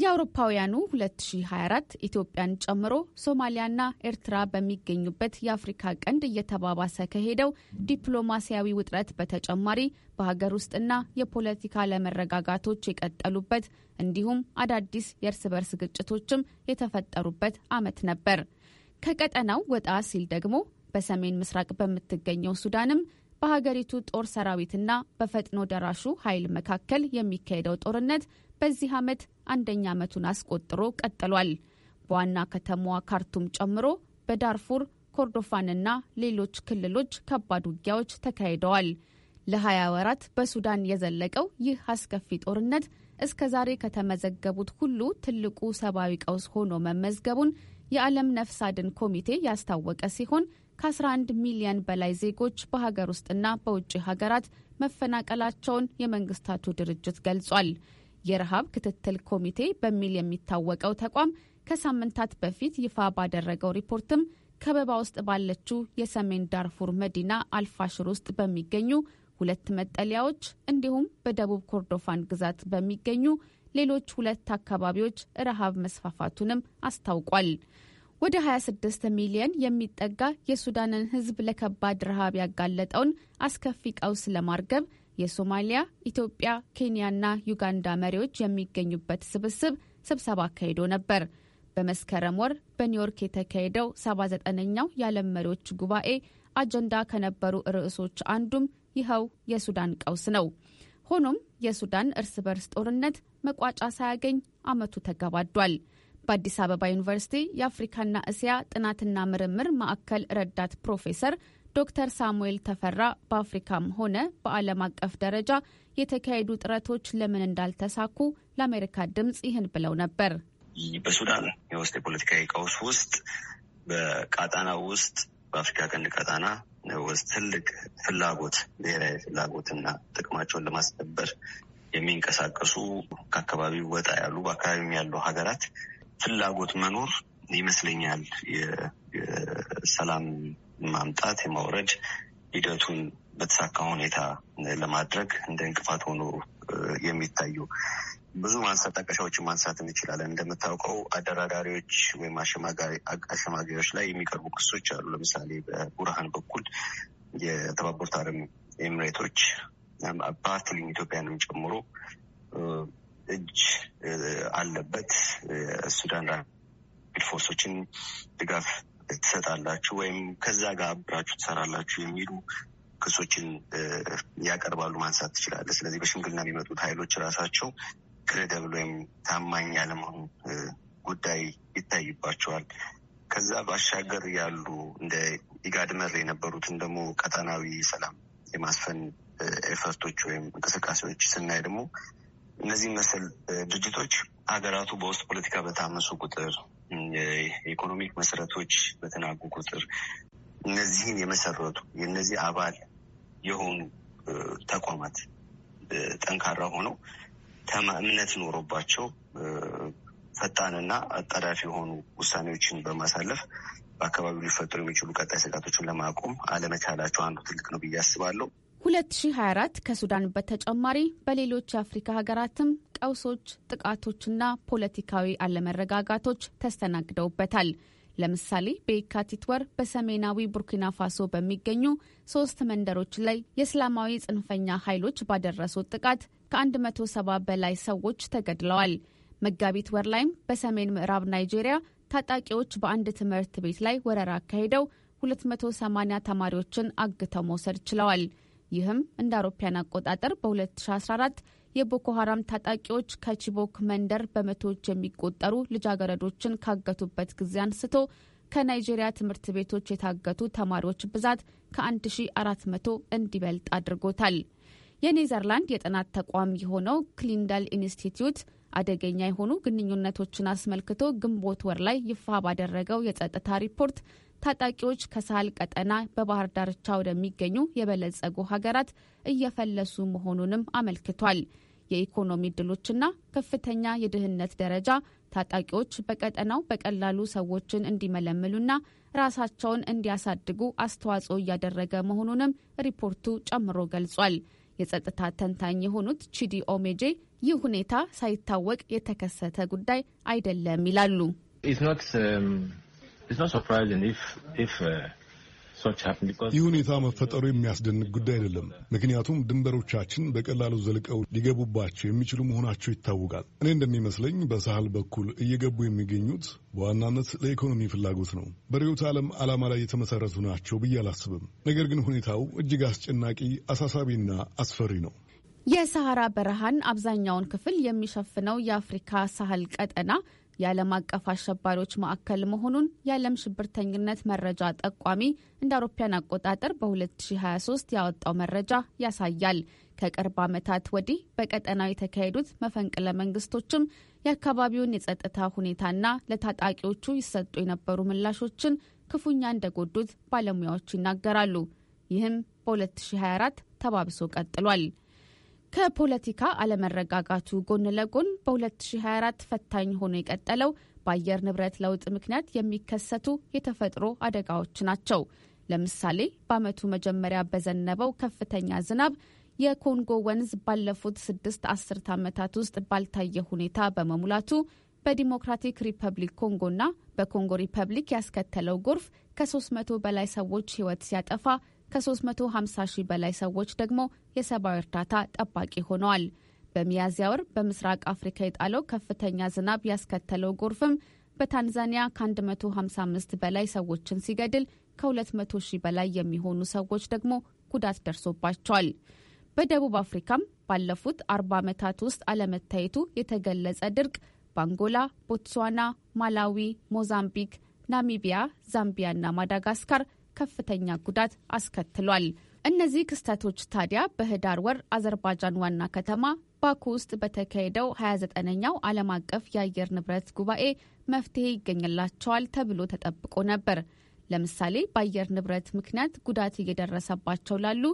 የአውሮፓውያኑ 2024 ኢትዮጵያን ጨምሮ ሶማሊያና ኤርትራ በሚገኙበት የአፍሪካ ቀንድ እየተባባሰ ከሄደው ዲፕሎማሲያዊ ውጥረት በተጨማሪ በሀገር ውስጥና የፖለቲካ ለመረጋጋቶች የቀጠሉበት እንዲሁም አዳዲስ የእርስ በርስ ግጭቶችም የተፈጠሩበት ዓመት ነበር። ከቀጠናው ወጣ ሲል ደግሞ በሰሜን ምስራቅ በምትገኘው ሱዳንም በሀገሪቱ ጦር ሰራዊትና በፈጥኖ ደራሹ ኃይል መካከል የሚካሄደው ጦርነት በዚህ ዓመት አንደኛ ዓመቱን አስቆጥሮ ቀጥሏል። በዋና ከተማዋ ካርቱም ጨምሮ በዳርፉር ኮርዶፋንና ሌሎች ክልሎች ከባድ ውጊያዎች ተካሂደዋል። ለ20 ወራት በሱዳን የዘለቀው ይህ አስከፊ ጦርነት እስከ ዛሬ ከተመዘገቡት ሁሉ ትልቁ ሰብአዊ ቀውስ ሆኖ መመዝገቡን የዓለም ነፍስ አድን ኮሚቴ ያስታወቀ ሲሆን ከ11 ሚሊዮን በላይ ዜጎች በሀገር ውስጥና በውጭ ሀገራት መፈናቀላቸውን የመንግስታቱ ድርጅት ገልጿል። የረሃብ ክትትል ኮሚቴ በሚል የሚታወቀው ተቋም ከሳምንታት በፊት ይፋ ባደረገው ሪፖርትም ከበባ ውስጥ ባለችው የሰሜን ዳርፉር መዲና አልፋሽር ውስጥ በሚገኙ ሁለት መጠለያዎች እንዲሁም በደቡብ ኮርዶፋን ግዛት በሚገኙ ሌሎች ሁለት አካባቢዎች ረሃብ መስፋፋቱንም አስታውቋል። ወደ 26 ሚሊየን የሚጠጋ የሱዳንን ሕዝብ ለከባድ ረሃብ ያጋለጠውን አስከፊ ቀውስ ለማርገብ የሶማሊያ፣ ኢትዮጵያ፣ ኬንያና ዩጋንዳ መሪዎች የሚገኙበት ስብስብ ስብሰባ አካሂዶ ነበር። በመስከረም ወር በኒውዮርክ የተካሄደው 79ኛው የዓለም መሪዎች ጉባኤ አጀንዳ ከነበሩ ርዕሶች አንዱም ይኸው የሱዳን ቀውስ ነው። ሆኖም የሱዳን እርስ በርስ ጦርነት መቋጫ ሳያገኝ ዓመቱ ተገባዷል። በአዲስ አበባ ዩኒቨርሲቲ የአፍሪካና እስያ ጥናትና ምርምር ማዕከል ረዳት ፕሮፌሰር ዶክተር ሳሙኤል ተፈራ በአፍሪካም ሆነ በዓለም አቀፍ ደረጃ የተካሄዱ ጥረቶች ለምን እንዳልተሳኩ ለአሜሪካ ድምፅ ይህን ብለው ነበር። በሱዳን የውስጥ የፖለቲካዊ ቀውስ ውስጥ በቃጣና ውስጥ በአፍሪካ ቀንድ ቀጣና ውስጥ ትልቅ ፍላጎት ብሔራዊ ፍላጎትና ጥቅማቸውን ለማስከበር የሚንቀሳቀሱ ከአካባቢው ወጣ ያሉ በአካባቢም ያሉ ሀገራት ፍላጎት መኖር ይመስለኛል የሰላም ማምጣት የማውረድ ሂደቱን በተሳካ ሁኔታ ለማድረግ እንደ እንቅፋት ሆኖ የሚታዩ ብዙ ማንሳጠቀሻዎችን ማንሳት እንችላለን። እንደምታውቀው አደራዳሪዎች ወይም አሸማጋዮች ላይ የሚቀርቡ ክሶች አሉ። ለምሳሌ በቡርሃን በኩል የተባበሩት አረብ ኤሚሬቶች በአትሊም ኢትዮጵያንም ጨምሮ እጅ አለበት ሱዳን ራፒድ ፎርሶችን ድጋፍ ትሰጣላችሁ ወይም ከዛ ጋር አብራችሁ ትሰራላችሁ የሚሉ ክሶችን ያቀርባሉ ማንሳት ትችላለ። ስለዚህ በሽምግልና የሚመጡት ኃይሎች ራሳቸው ክሬደብል ወይም ታማኝ ያለመሆኑ ጉዳይ ይታይባቸዋል። ከዛ ባሻገር ያሉ እንደ ኢጋድ መር የነበሩትን ደግሞ ቀጠናዊ ሰላም የማስፈን ኤፈርቶች ወይም እንቅስቃሴዎች ስናይ ደግሞ እነዚህ መሰል ድርጅቶች ሀገራቱ በውስጥ ፖለቲካ በታመሱ ቁጥር የኢኮኖሚክ መሰረቶች በተናጉ ቁጥር እነዚህን የመሰረቱ የእነዚህ አባል የሆኑ ተቋማት ጠንካራ ሆነው እምነት ኖሮባቸው ፈጣንና አጣዳፊ የሆኑ ውሳኔዎችን በማሳለፍ በአካባቢው ሊፈጠሩ የሚችሉ ቀጣይ ስጋቶችን ለማቆም አለመቻላቸው አንዱ ትልቅ ነው ብዬ አስባለሁ። 2024 ከሱዳን በተጨማሪ በሌሎች የአፍሪካ ሀገራትም ቀውሶች፣ ጥቃቶችና ፖለቲካዊ አለመረጋጋቶች ተስተናግደውበታል። ለምሳሌ በየካቲት ወር በሰሜናዊ ቡርኪና ፋሶ በሚገኙ ሶስት መንደሮች ላይ የእስላማዊ ጽንፈኛ ኃይሎች ባደረሱት ጥቃት ከ170 በላይ ሰዎች ተገድለዋል። መጋቢት ወር ላይም በሰሜን ምዕራብ ናይጄሪያ ታጣቂዎች በአንድ ትምህርት ቤት ላይ ወረራ አካሂደው 280 ተማሪዎችን አግተው መውሰድ ችለዋል። ይህም እንደ አውሮፓያን አቆጣጠር በ2014 የቦኮ ሀራም ታጣቂዎች ከቺቦክ መንደር በመቶዎች የሚቆጠሩ ልጃገረዶችን ካገቱበት ጊዜ አንስቶ ከናይጄሪያ ትምህርት ቤቶች የታገቱ ተማሪዎች ብዛት ከ1400 እንዲበልጥ አድርጎታል። የኔዘርላንድ የጥናት ተቋም የሆነው ክሊንዳል ኢንስቲትዩት አደገኛ የሆኑ ግንኙነቶችን አስመልክቶ ግንቦት ወር ላይ ይፋ ባደረገው የጸጥታ ሪፖርት ታጣቂዎች ከሳህል ቀጠና በባህር ዳርቻ ወደሚገኙ የበለጸጉ ሀገራት እየፈለሱ መሆኑንም አመልክቷል። የኢኮኖሚ እድሎችና ከፍተኛ የድህነት ደረጃ ታጣቂዎች በቀጠናው በቀላሉ ሰዎችን እንዲመለምሉና ራሳቸውን እንዲያሳድጉ አስተዋጽኦ እያደረገ መሆኑንም ሪፖርቱ ጨምሮ ገልጿል። የጸጥታ ተንታኝ የሆኑት ቺዲ ኦሜጄ ይህ ሁኔታ ሳይታወቅ የተከሰተ ጉዳይ አይደለም ይላሉ። ይህ ሁኔታ መፈጠሩ የሚያስደንቅ ጉዳይ አይደለም። ምክንያቱም ድንበሮቻችን በቀላሉ ዘልቀው ሊገቡባቸው የሚችሉ መሆናቸው ይታወቃል። እኔ እንደሚመስለኝ በሳህል በኩል እየገቡ የሚገኙት በዋናነት ለኢኮኖሚ ፍላጎት ነው። በርዕዮተ ዓለም ዓላማ ላይ የተመሰረቱ ናቸው ብዬ አላስብም። ነገር ግን ሁኔታው እጅግ አስጨናቂ፣ አሳሳቢና አስፈሪ ነው። የሰሐራ በረሃን አብዛኛውን ክፍል የሚሸፍነው የአፍሪካ ሳህል ቀጠና የዓለም አቀፍ አሸባሪዎች ማዕከል መሆኑን የዓለም ሽብርተኝነት መረጃ ጠቋሚ እንደ አውሮፓያን አቆጣጠር በ2023 ያወጣው መረጃ ያሳያል። ከቅርብ ዓመታት ወዲህ በቀጠናው የተካሄዱት መፈንቅለ መንግስቶችም የአካባቢውን የጸጥታ ሁኔታና ለታጣቂዎቹ ይሰጡ የነበሩ ምላሾችን ክፉኛ እንደጎዱት ባለሙያዎች ይናገራሉ። ይህም በ2024 ተባብሶ ቀጥሏል። ከፖለቲካ አለመረጋጋቱ ጎን ለጎን በ2024 ፈታኝ ሆኖ የቀጠለው በአየር ንብረት ለውጥ ምክንያት የሚከሰቱ የተፈጥሮ አደጋዎች ናቸው። ለምሳሌ በዓመቱ መጀመሪያ በዘነበው ከፍተኛ ዝናብ የኮንጎ ወንዝ ባለፉት ስድስት አስርት ዓመታት ውስጥ ባልታየ ሁኔታ በመሙላቱ በዲሞክራቲክ ሪፐብሊክ ኮንጎና በኮንጎ ሪፐብሊክ ያስከተለው ጎርፍ ከ300 በላይ ሰዎች ሕይወት ሲያጠፋ ከ350 ሺህ በላይ ሰዎች ደግሞ የሰብአዊ እርዳታ ጠባቂ ሆነዋል። በሚያዝያ ወር በምስራቅ አፍሪካ የጣለው ከፍተኛ ዝናብ ያስከተለው ጎርፍም በታንዛኒያ ከ155 በላይ ሰዎችን ሲገድል ከ200 ሺህ በላይ የሚሆኑ ሰዎች ደግሞ ጉዳት ደርሶባቸዋል። በደቡብ አፍሪካም ባለፉት 40 ዓመታት ውስጥ አለመታየቱ የተገለጸ ድርቅ በአንጎላ፣ ቦትስዋና፣ ማላዊ፣ ሞዛምቢክ፣ ናሚቢያ፣ ዛምቢያ እና ማዳጋስካር ከፍተኛ ጉዳት አስከትሏል። እነዚህ ክስተቶች ታዲያ በህዳር ወር አዘርባጃን ዋና ከተማ ባኩ ውስጥ በተካሄደው 29ኛው ዓለም አቀፍ የአየር ንብረት ጉባኤ መፍትሄ ይገኝላቸዋል ተብሎ ተጠብቆ ነበር። ለምሳሌ በአየር ንብረት ምክንያት ጉዳት እየደረሰባቸው ላሉ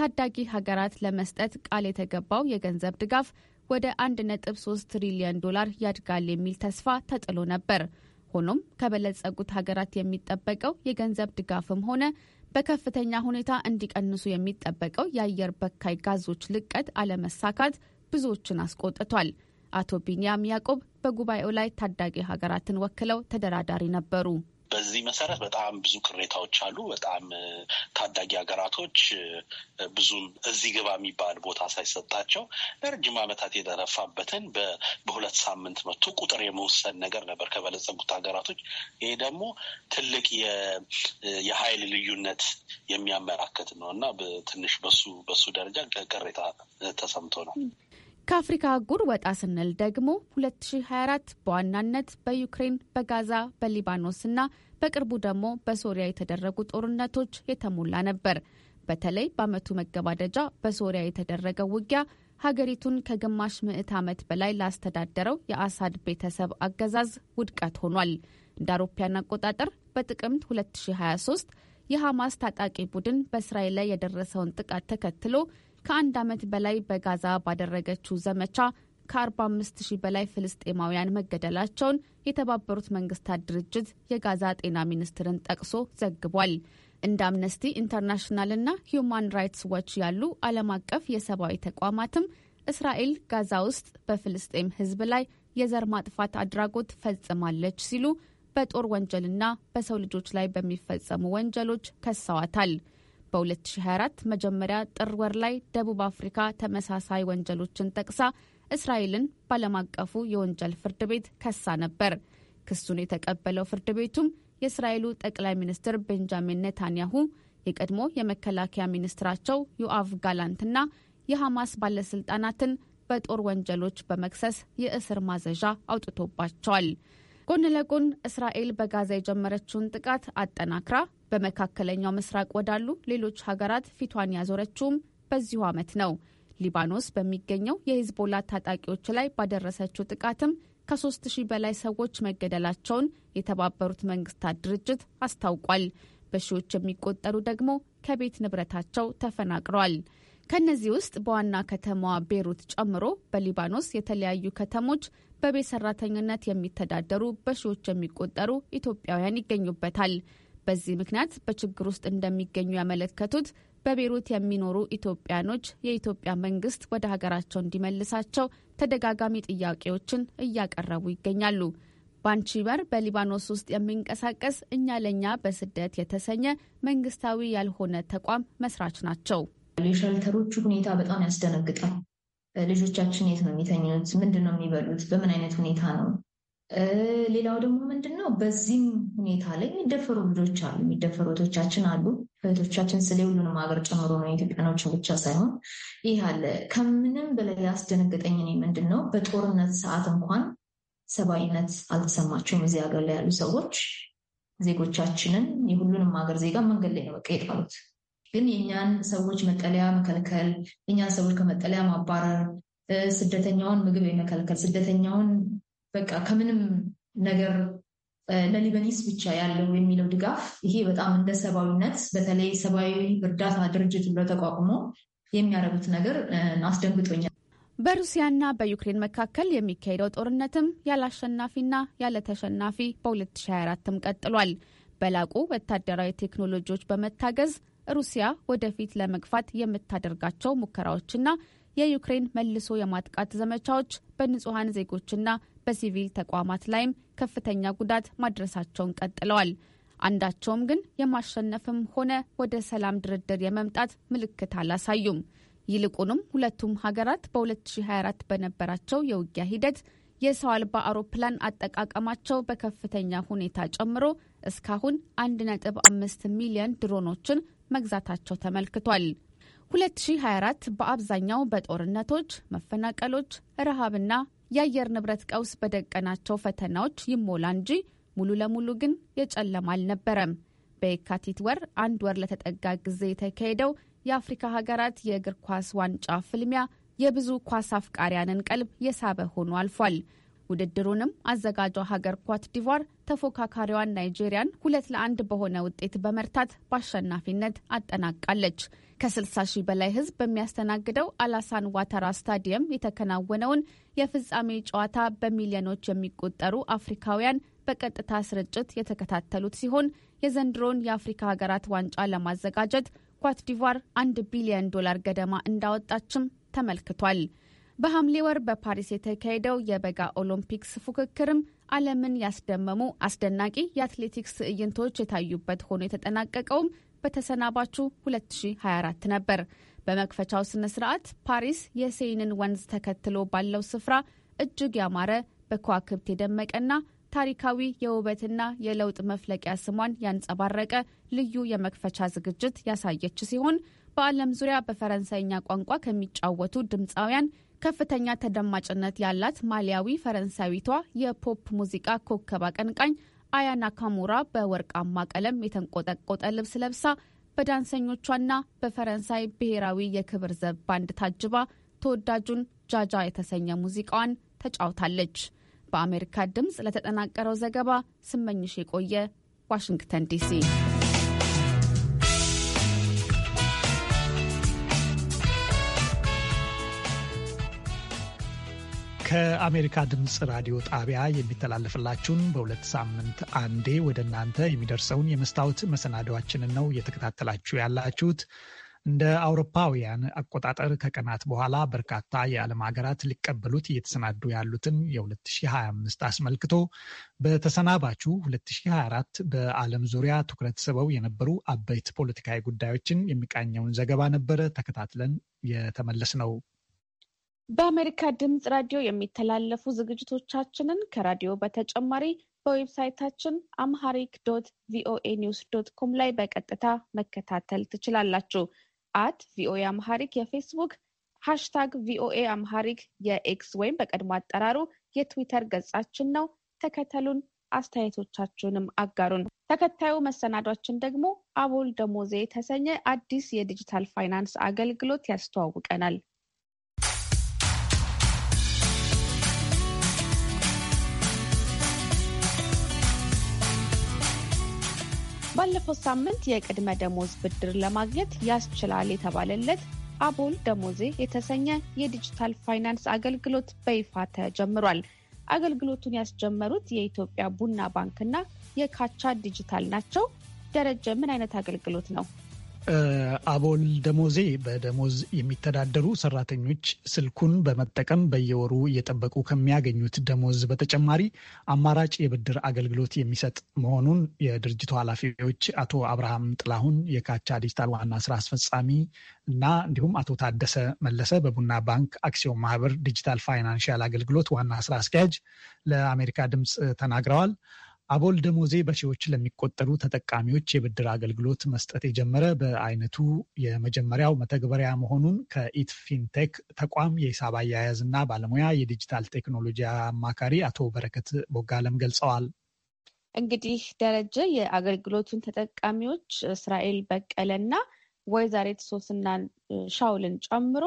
ታዳጊ ሀገራት ለመስጠት ቃል የተገባው የገንዘብ ድጋፍ ወደ 1.3 ትሪሊዮን ዶላር ያድጋል የሚል ተስፋ ተጥሎ ነበር። ሆኖም ከበለጸጉት ሀገራት የሚጠበቀው የገንዘብ ድጋፍም ሆነ በከፍተኛ ሁኔታ እንዲቀንሱ የሚጠበቀው የአየር በካይ ጋዞች ልቀት አለመሳካት ብዙዎችን አስቆጥቷል። አቶ ቢንያም ያዕቆብ በጉባኤው ላይ ታዳጊ ሀገራትን ወክለው ተደራዳሪ ነበሩ። በዚህ መሰረት በጣም ብዙ ቅሬታዎች አሉ። በጣም ታዳጊ ሀገራቶች ብዙም እዚህ ግባ የሚባል ቦታ ሳይሰጣቸው ለረጅም ዓመታት የተለፋበትን በሁለት ሳምንት መቶ ቁጥር የመወሰን ነገር ነበር ከበለጸጉት ሀገራቶች። ይሄ ደግሞ ትልቅ የኃይል ልዩነት የሚያመላክት ነው እና ትንሽ በሱ በሱ ደረጃ ቅሬታ ተሰምቶ ነው። ከአፍሪካ አህጉር ወጣ ስንል ደግሞ 2024 በዋናነት በዩክሬን፣ በጋዛ፣ በሊባኖስ እና በቅርቡ ደግሞ በሶሪያ የተደረጉ ጦርነቶች የተሞላ ነበር። በተለይ በዓመቱ መገባደጃ በሶሪያ የተደረገው ውጊያ ሀገሪቱን ከግማሽ ምዕት ዓመት በላይ ላስተዳደረው የአሳድ ቤተሰብ አገዛዝ ውድቀት ሆኗል። እንደ አውሮፓያን አቆጣጠር በጥቅምት 2023 የሐማስ ታጣቂ ቡድን በእስራኤል ላይ የደረሰውን ጥቃት ተከትሎ ከአንድ ዓመት በላይ በጋዛ ባደረገችው ዘመቻ ከ45 ሺህ በላይ ፍልስጤማውያን መገደላቸውን የተባበሩት መንግስታት ድርጅት የጋዛ ጤና ሚኒስትርን ጠቅሶ ዘግቧል። እንደ አምነስቲ ኢንተርናሽናልና ሂዩማን ራይትስ ዋች ያሉ ዓለም አቀፍ የሰብአዊ ተቋማትም እስራኤል ጋዛ ውስጥ በፍልስጤም ህዝብ ላይ የዘር ማጥፋት አድራጎት ፈጽማለች ሲሉ በጦር ወንጀልና በሰው ልጆች ላይ በሚፈጸሙ ወንጀሎች ከሰዋታል። በ2024 መጀመሪያ ጥር ወር ላይ ደቡብ አፍሪካ ተመሳሳይ ወንጀሎችን ጠቅሳ እስራኤልን ባለም አቀፉ የወንጀል ፍርድ ቤት ከሳ ነበር። ክሱን የተቀበለው ፍርድ ቤቱም የእስራኤሉ ጠቅላይ ሚኒስትር ቤንጃሚን ኔታንያሁ የቀድሞ የመከላከያ ሚኒስትራቸው ዮአቭ ጋላንትና የሐማስ ባለስልጣናትን በጦር ወንጀሎች በመክሰስ የእስር ማዘዣ አውጥቶባቸዋል። ጎን ለጎን እስራኤል በጋዛ የጀመረችውን ጥቃት አጠናክራ በመካከለኛው ምስራቅ ወዳሉ ሌሎች ሀገራት ፊቷን ያዞረችውም በዚሁ ዓመት ነው። ሊባኖስ በሚገኘው የሂዝቦላ ታጣቂዎች ላይ ባደረሰችው ጥቃትም ከ3000 በላይ ሰዎች መገደላቸውን የተባበሩት መንግስታት ድርጅት አስታውቋል። በሺዎች የሚቆጠሩ ደግሞ ከቤት ንብረታቸው ተፈናቅሯል። ከእነዚህ ውስጥ በዋና ከተማዋ ቤሩት ጨምሮ በሊባኖስ የተለያዩ ከተሞች በቤት ሰራተኝነት የሚተዳደሩ በሺዎች የሚቆጠሩ ኢትዮጵያውያን ይገኙበታል። በዚህ ምክንያት በችግር ውስጥ እንደሚገኙ ያመለከቱት በቤሩት የሚኖሩ ኢትዮጵያኖች የኢትዮጵያ መንግስት ወደ ሀገራቸው እንዲመልሳቸው ተደጋጋሚ ጥያቄዎችን እያቀረቡ ይገኛሉ። ባንቺበር በሊባኖስ ውስጥ የሚንቀሳቀስ እኛ ለእኛ በስደት የተሰኘ መንግስታዊ ያልሆነ ተቋም መስራች ናቸው። የሸልተሮቹ ሁኔታ በጣም ያስደነግጣል። ልጆቻችን የት ነው የሚተኙት? ምንድን ነው የሚበሉት? በምን አይነት ሁኔታ ነው ሌላው ደግሞ ምንድን ነው በዚህም ሁኔታ ላይ የሚደፈሩ ልጆች አሉ፣ የሚደፈሩ እህቶቻችን አሉ። እህቶቻችን ስለ ሁሉንም ሀገር ጨምሮ ነው ኢትዮጵያኖችን ብቻ ሳይሆን ይህ አለ። ከምንም በላይ ያስደነገጠኝ እኔ ምንድን ነው በጦርነት ሰዓት እንኳን ሰብአዊነት አልተሰማቸውም። እዚህ ሀገር ላይ ያሉ ሰዎች ዜጎቻችንን የሁሉንም ሀገር ዜጋ መንገድ ላይ ነው በቃ የጣሉት። ግን የእኛን ሰዎች መጠለያ መከልከል፣ የእኛን ሰዎች ከመጠለያ ማባረር፣ ስደተኛውን ምግብ የመከልከል ስደተኛውን በቃ ከምንም ነገር ለሊበኒስ ብቻ ያለው የሚለው ድጋፍ ይሄ በጣም እንደ ሰብአዊነት በተለይ ሰብአዊ እርዳታ ድርጅት ብለው ተቋቁሞ የሚያደርጉት ነገር አስደንግጦኛል። በሩሲያና በዩክሬን መካከል የሚካሄደው ጦርነትም ያለ አሸናፊና ያለ ተሸናፊ በ2024ም ቀጥሏል። በላቁ ወታደራዊ ቴክኖሎጂዎች በመታገዝ ሩሲያ ወደፊት ለመግፋት የምታደርጋቸው ሙከራዎችና የዩክሬን መልሶ የማጥቃት ዘመቻዎች በንጹሐን ዜጎችና በሲቪል ተቋማት ላይም ከፍተኛ ጉዳት ማድረሳቸውን ቀጥለዋል። አንዳቸውም ግን የማሸነፍም ሆነ ወደ ሰላም ድርድር የመምጣት ምልክት አላሳዩም። ይልቁንም ሁለቱም ሀገራት በ2024 በነበራቸው የውጊያ ሂደት የሰው አልባ አውሮፕላን አጠቃቀማቸው በከፍተኛ ሁኔታ ጨምሮ እስካሁን 1.5 ሚሊዮን ድሮኖችን መግዛታቸው ተመልክቷል። 2024 በአብዛኛው በጦርነቶች፣ መፈናቀሎች፣ ረሃብና የአየር ንብረት ቀውስ በደቀናቸው ፈተናዎች ይሞላ እንጂ ሙሉ ለሙሉ ግን የጨለማ አልነበረም። በየካቲት ወር አንድ ወር ለተጠጋ ጊዜ የተካሄደው የአፍሪካ ሀገራት የእግር ኳስ ዋንጫ ፍልሚያ የብዙ ኳስ አፍቃሪያንን ቀልብ የሳበ ሆኖ አልፏል። ውድድሩንም አዘጋጇ ሀገር ኳትዲቯር ተፎካካሪዋን ናይጄሪያን ሁለት ለአንድ በሆነ ውጤት በመርታት በአሸናፊነት አጠናቃለች። ከ60 ሺህ በላይ ሕዝብ በሚያስተናግደው አላሳን ዋተራ ስታዲየም የተከናወነውን የፍጻሜ ጨዋታ በሚሊዮኖች የሚቆጠሩ አፍሪካውያን በቀጥታ ስርጭት የተከታተሉት ሲሆን የዘንድሮውን የአፍሪካ ሀገራት ዋንጫ ለማዘጋጀት ኳትዲቯር አንድ ቢሊዮን ዶላር ገደማ እንዳወጣችም ተመልክቷል። በሐምሌ ወር በፓሪስ የተካሄደው የበጋ ኦሎምፒክስ ፉክክርም ዓለምን ያስደመሙ አስደናቂ የአትሌቲክስ ትዕይንቶች የታዩበት ሆኖ የተጠናቀቀውም በተሰናባቹ 2024 ነበር። በመክፈቻው ስነ ስርዓት ፓሪስ የሴይንን ወንዝ ተከትሎ ባለው ስፍራ እጅግ ያማረ በከዋክብት የደመቀና ታሪካዊ የውበትና የለውጥ መፍለቂያ ስሟን ያንጸባረቀ ልዩ የመክፈቻ ዝግጅት ያሳየች ሲሆን በዓለም ዙሪያ በፈረንሳይኛ ቋንቋ ከሚጫወቱ ድምፃውያን ከፍተኛ ተደማጭነት ያላት ማሊያዊ ፈረንሳዊቷ የፖፕ ሙዚቃ ኮከብ አቀንቃኝ አያና ካሙራ በወርቃማ ቀለም የተንቆጠቆጠ ልብስ ለብሳ በዳንሰኞቿና በፈረንሳይ ብሔራዊ የክብር ዘብ ባንድ ታጅባ ተወዳጁን ጃጃ የተሰኘ ሙዚቃዋን ተጫውታለች። በአሜሪካ ድምፅ ለተጠናቀረው ዘገባ ስመኝሽ የቆየ ዋሽንግተን ዲሲ ከአሜሪካ ድምፅ ራዲዮ ጣቢያ የሚተላለፍላችሁን በሁለት ሳምንት አንዴ ወደ እናንተ የሚደርሰውን የመስታወት መሰናዶዋችንን ነው እየተከታተላችሁ ያላችሁት። እንደ አውሮፓውያን አቆጣጠር ከቀናት በኋላ በርካታ የዓለም ሀገራት ሊቀበሉት እየተሰናዱ ያሉትን የ2025 አስመልክቶ በተሰናባቹ 2024 በዓለም ዙሪያ ትኩረት ስበው የነበሩ አበይት ፖለቲካዊ ጉዳዮችን የሚቃኘውን ዘገባ ነበረ ተከታትለን የተመለስ ነው። በአሜሪካ ድምፅ ራዲዮ የሚተላለፉ ዝግጅቶቻችንን ከራዲዮ በተጨማሪ በዌብሳይታችን አምሃሪክ ዶት ቪኦኤ ኒውስ ዶት ኮም ላይ በቀጥታ መከታተል ትችላላችሁ። አት ቪኦኤ አምሃሪክ የፌስቡክ ሃሽታግ ቪኦኤ አምሃሪክ የኤክስ ወይም በቀድሞ አጠራሩ የትዊተር ገጻችን ነው። ተከተሉን፣ አስተያየቶቻችሁንም አጋሩን። ተከታዩ መሰናዷችን ደግሞ አቦል ደሞዜ የተሰኘ አዲስ የዲጂታል ፋይናንስ አገልግሎት ያስተዋውቀናል። ባለፈው ሳምንት የቅድመ ደሞዝ ብድር ለማግኘት ያስችላል የተባለለት አቦል ደሞዜ የተሰኘ የዲጂታል ፋይናንስ አገልግሎት በይፋ ተጀምሯል። አገልግሎቱን ያስጀመሩት የኢትዮጵያ ቡና ባንክና የካቻ ዲጂታል ናቸው። ደረጀ፣ ምን አይነት አገልግሎት ነው? አቦል ደሞዜ በደሞዝ የሚተዳደሩ ሰራተኞች ስልኩን በመጠቀም በየወሩ እየጠበቁ ከሚያገኙት ደሞዝ በተጨማሪ አማራጭ የብድር አገልግሎት የሚሰጥ መሆኑን የድርጅቱ ኃላፊዎች አቶ አብርሃም ጥላሁን የካቻ ዲጂታል ዋና ስራ አስፈጻሚ እና እንዲሁም አቶ ታደሰ መለሰ በቡና ባንክ አክሲዮን ማህበር ዲጂታል ፋይናንሽል አገልግሎት ዋና ስራ አስኪያጅ ለአሜሪካ ድምፅ ተናግረዋል። አቦል ደሞዜ በሺዎች ለሚቆጠሩ ተጠቃሚዎች የብድር አገልግሎት መስጠት የጀመረ በአይነቱ የመጀመሪያው መተግበሪያ መሆኑን ከኢት ፊንቴክ ተቋም የሂሳብ አያያዝና ባለሙያ የዲጂታል ቴክኖሎጂ አማካሪ አቶ በረከት ቦጋለም ገልጸዋል። እንግዲህ ደረጀ የአገልግሎቱን ተጠቃሚዎች እስራኤል በቀለና ወይዘሪት ሶስና ሻውልን ጨምሮ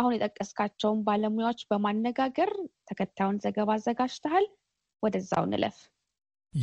አሁን የጠቀስካቸውን ባለሙያዎች በማነጋገር ተከታዩን ዘገባ አዘጋጅተሃል። ወደዛው ንለፍ።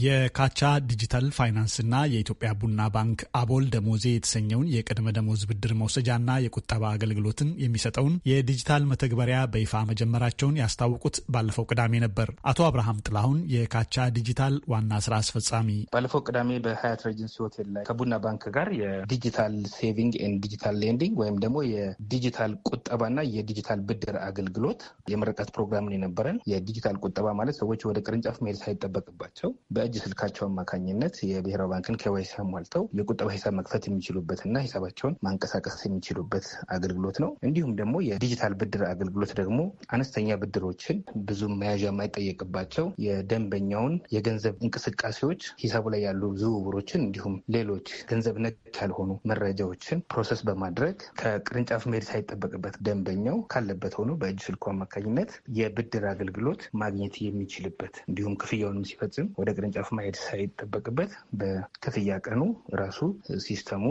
የካቻ ዲጂታል ፋይናንስና የኢትዮጵያ ቡና ባንክ አቦል ደሞዜ የተሰኘውን የቅድመ ደሞዝ ብድር መውሰጃና የቁጠባ አገልግሎትን የሚሰጠውን የዲጂታል መተግበሪያ በይፋ መጀመራቸውን ያስታወቁት ባለፈው ቅዳሜ ነበር። አቶ አብርሃም ጥላሁን የካቻ ዲጂታል ዋና ስራ አስፈጻሚ፣ ባለፈው ቅዳሜ በሀያት ሬጀንሲ ሆቴል ላይ ከቡና ባንክ ጋር የዲጂታል ሴቪንግ ኤንድ ዲጂታል ሌንዲንግ ወይም ደግሞ የዲጂታል ቁጠባና የዲጂታል ብድር አገልግሎት የምረቃት ፕሮግራምን የነበረን የዲጂታል ቁጠባ ማለት ሰዎች ወደ ቅርንጫፍ መሄድ ሳይጠበቅባቸው በእጅ ስልካቸው አማካኝነት የብሔራዊ ባንክን ኬዋይሲ አሟልተው የቁጠባ ሂሳብ መክፈት የሚችሉበትና ሂሳባቸውን ማንቀሳቀስ የሚችሉበት አገልግሎት ነው። እንዲሁም ደግሞ የዲጂታል ብድር አገልግሎት ደግሞ አነስተኛ ብድሮችን ብዙም መያዣ የማይጠየቅባቸው የደንበኛውን የገንዘብ እንቅስቃሴዎች፣ ሂሳቡ ላይ ያሉ ዝውውሮችን፣ እንዲሁም ሌሎች ገንዘብ ነክ ያልሆኑ መረጃዎችን ፕሮሰስ በማድረግ ከቅርንጫፍ መሄድ ሳይጠበቅበት ደንበኛው ካለበት ሆኖ በእጅ ስልኩ አማካኝነት የብድር አገልግሎት ማግኘት የሚችልበት እንዲሁም ክፍያውንም ሲፈጽም ወደ ቅርንጫፍ ማየት ሳይጠበቅበት በክፍያ ቀኑ ራሱ ሲስተሙ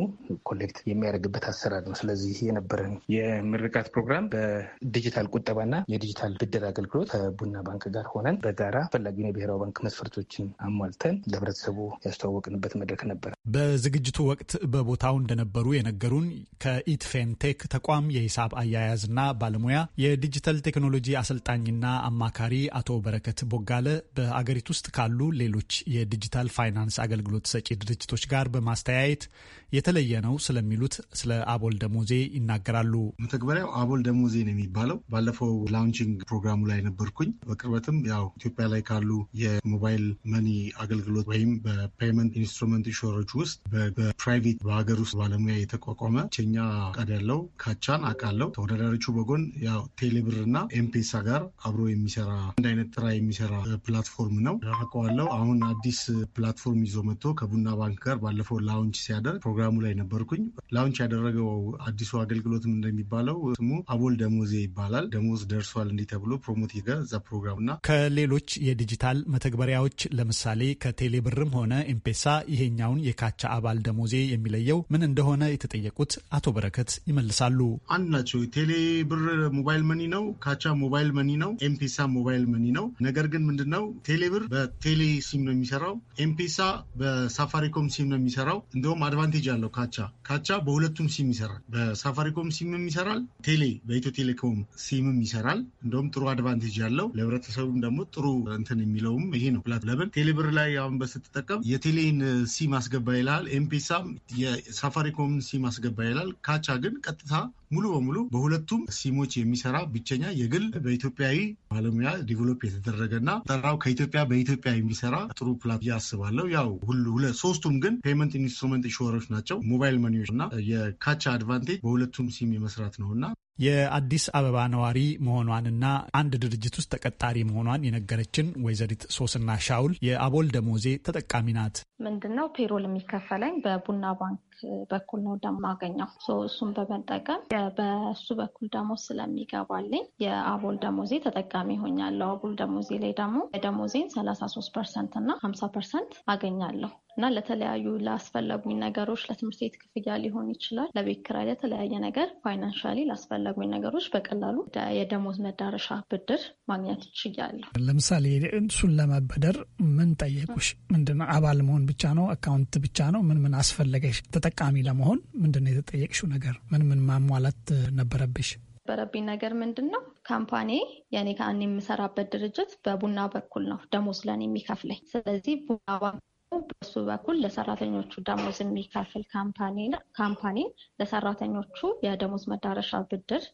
ኮሌክት የሚያደርግበት አሰራር ነው። ስለዚህ የነበረን የምርቃት ፕሮግራም በዲጂታል ቁጠባና የዲጂታል ብድር አገልግሎት ከቡና ባንክ ጋር ሆነን በጋራ ፈላጊውን የብሔራዊ ባንክ መስፈርቶችን አሟልተን ለህብረተሰቡ ያስተዋወቅንበት መድረክ ነበር። በዝግጅቱ ወቅት በቦታው እንደነበሩ የነገሩን ከኢትፌንቴክ ተቋም የሂሳብ አያያዝና ባለሙያ የዲጂታል ቴክኖሎጂ አሰልጣኝና አማካሪ አቶ በረከት ቦጋለ በአገሪቱ ውስጥ ካሉ ሌሎች ከሌሎች የዲጂታል ፋይናንስ አገልግሎት ሰጪ ድርጅቶች ጋር በማስተያየት የተለየ ነው ስለሚሉት ስለ አቦል ደሞዜ ይናገራሉ። መተግበሪያው አቦል ደሞዜ ነው የሚባለው። ባለፈው ላውንቺንግ ፕሮግራሙ ላይ ነበርኩኝ። በቅርበትም ያው ኢትዮጵያ ላይ ካሉ የሞባይል መኒ አገልግሎት ወይም በፔመንት ኢንስትሩመንት ኢንሹሮች ውስጥ በፕራይቬት በሀገር ውስጥ ባለሙያ የተቋቋመ ቸኛ ፈቃድ ያለው ካቻን አቃለው ተወዳዳሪቹ በጎን ያው ቴሌብር እና ኤምፔሳ ጋር አብሮ የሚሰራ አንድ አይነት ስራ የሚሰራ ፕላትፎርም ነው አውቀዋለሁ። አሁን አሁን አዲስ ፕላትፎርም ይዞ መጥቶ ከቡና ባንክ ጋር ባለፈው ላውንች ሲያደርግ ፕሮግራሙ ላይ ነበርኩኝ። ላውንች ያደረገው አዲሱ አገልግሎትም እንደሚባለው ስሙ አቦል ደሞዜ ይባላል። ደሞዝ ደርሷል እንዲህ ተብሎ ፕሮሞት ይገ እዛ ፕሮግራም እና ከሌሎች የዲጂታል መተግበሪያዎች ለምሳሌ ከቴሌብርም ሆነ ኤምፔሳ ይሄኛውን የካቻ አባል ደሞዜ የሚለየው ምን እንደሆነ የተጠየቁት አቶ በረከት ይመልሳሉ። አንድ ናቸው። ቴሌብር ሞባይል መኒ ነው። ካቻ ሞባይል መኒ ነው። ኤምፔሳ ሞባይል መኒ ነው። ነገር ግን ምንድነው ቴሌብር በቴሌ ሲም ነው የሚሰራው። ኤምፔሳ በሳፋሪኮም ሲም ነው የሚሰራው። እንዲሁም አድቫንቴጅ አለው ካቻ። ካቻ በሁለቱም ሲም ይሰራል። በሳፋሪኮም ሲምም ይሰራል። ቴሌ በኢትዮ ቴሌኮም ሲምም ይሰራል። እንደውም ጥሩ አድቫንቴጅ ያለው ለህብረተሰቡም ደግሞ ጥሩ እንትን የሚለውም ይሄ ነው። ለምን ቴሌብር ላይ አሁን በስትጠቀም የቴሌን ሲም አስገባ ይላል። ኤምፔሳም የሳፋሪኮምን ሲም አስገባ ይላል። ካቻ ግን ቀጥታ ሙሉ በሙሉ በሁለቱም ሲሞች የሚሰራ ብቸኛ የግል በኢትዮጵያዊ ባለሙያ ዲቨሎፕ የተደረገና ጠራው ከኢትዮጵያ በኢትዮጵያ የሚሰራ ጥሩ ፕላት አስባለሁ። ያው ሶስቱም ግን ፔመንት ኢንስትሩመንት ሾወሮች ናቸው። ሞባይል መኒዎች እና የካቻ አድቫንቴጅ በሁለቱም ሲም የመስራት ነውና የአዲስ አበባ ነዋሪ መሆኗንና አንድ ድርጅት ውስጥ ተቀጣሪ መሆኗን የነገረችን ወይዘሪት ሶስና ሻውል የአቦል ደሞዜ ተጠቃሚ ናት። ምንድነው ፔሮል የሚከፈለኝ በቡና ባንክ በኩል ነው ደግሞ ማገኘው እሱም በመጠቀም በሱ በኩል ደግሞ ስለሚገባልኝ የአቦል ደሞዜ ተጠቃሚ ይሆኛለሁ። አቦል ደሞዜ ላይ ደግሞ የደሞዜን ሰላሳ ሶስት ፐርሰንት እና ሀምሳ ፐርሰንት አገኛለሁ እና ለተለያዩ ላስፈለጉኝ ነገሮች ለትምህርት ቤት ክፍያ ሊሆን ይችላል፣ ለቤት ኪራይ፣ ለተለያየ ነገር ፋይናንሻሊ ላስፈለጉኝ ነገሮች በቀላሉ የደሞዝ መዳረሻ ብድር ማግኘት ይችያለሁ። ለምሳሌ እሱን ለመበደር ምን ጠየቁሽ? ምንድን ነው አባል መሆን ብቻ ነው? አካውንት ብቻ ነው? ምን ምን አስፈለገሽ? ተጠቃሚ ለመሆን ምንድን ነው የተጠየቅሽው ነገር? ምን ምን ማሟላት ነበረብሽ? ነበረብኝ ነገር ምንድን ነው ካምፓኒ የኔ ከአን የምሰራበት ድርጅት በቡና በኩል ነው ደሞዝ ለን የሚከፍለኝ። ስለዚህ ቡና በሱ በኩል ለሰራተኞቹ ደሞዝ የሚከፍል ካምፓኒ ካምፓኒ ለሰራተኞቹ የደሞዝ መዳረሻ ብድር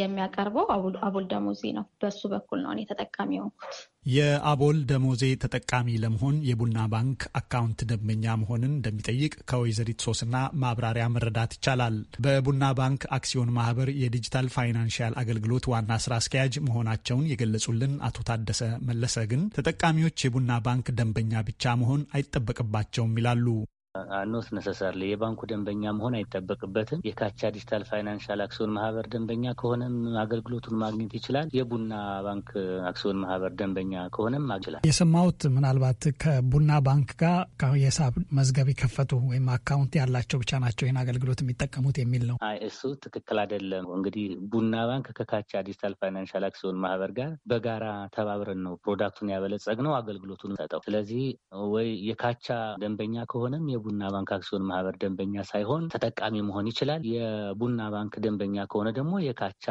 የሚያቀርበው አቦል ደሞዜ ነው። በሱ በኩል ነው እኔ ተጠቃሚ የሆንኩት። የአቦል ደሞዜ ተጠቃሚ ለመሆን የቡና ባንክ አካውንት ደንበኛ መሆንን እንደሚጠይቅ ከወይዘሪት ሶስና ማብራሪያ መረዳት ይቻላል። በቡና ባንክ አክሲዮን ማህበር የዲጂታል ፋይናንሽያል አገልግሎት ዋና ስራ አስኪያጅ መሆናቸውን የገለጹልን አቶ ታደሰ መለሰ ግን ተጠቃሚዎች የቡና ባንክ ደንበኛ ብቻ መሆን አይጠበቅባቸውም ይላሉ። አኖት ነሰሰርሊ የባንኩ ደንበኛ መሆን አይጠበቅበትም። የካቻ ዲጂታል ፋይናንሻል አክሲዮን ማህበር ደንበኛ ከሆነም አገልግሎቱን ማግኘት ይችላል። የቡና ባንክ አክሲዮን ማህበር ደንበኛ ከሆነም ይችላል። የሰማሁት ምናልባት ከቡና ባንክ ጋር የሂሳብ መዝገብ የከፈቱ ወይም አካውንት ያላቸው ብቻ ናቸው ይህን አገልግሎት የሚጠቀሙት የሚል ነው። አይ እሱ ትክክል አይደለም። እንግዲህ ቡና ባንክ ከካቻ ዲጂታል ፋይናንሻል አክሲዮን ማህበር ጋር በጋራ ተባብረን ነው ፕሮዳክቱን ያበለጸግ ነው አገልግሎቱን ሰጠው። ስለዚህ ወይ የካቻ ደንበኛ ከሆነም የቡና ባንክ አክሲዮን ማህበር ደንበኛ ሳይሆን ተጠቃሚ መሆን ይችላል። የቡና ባንክ ደንበኛ ከሆነ ደግሞ የካቻ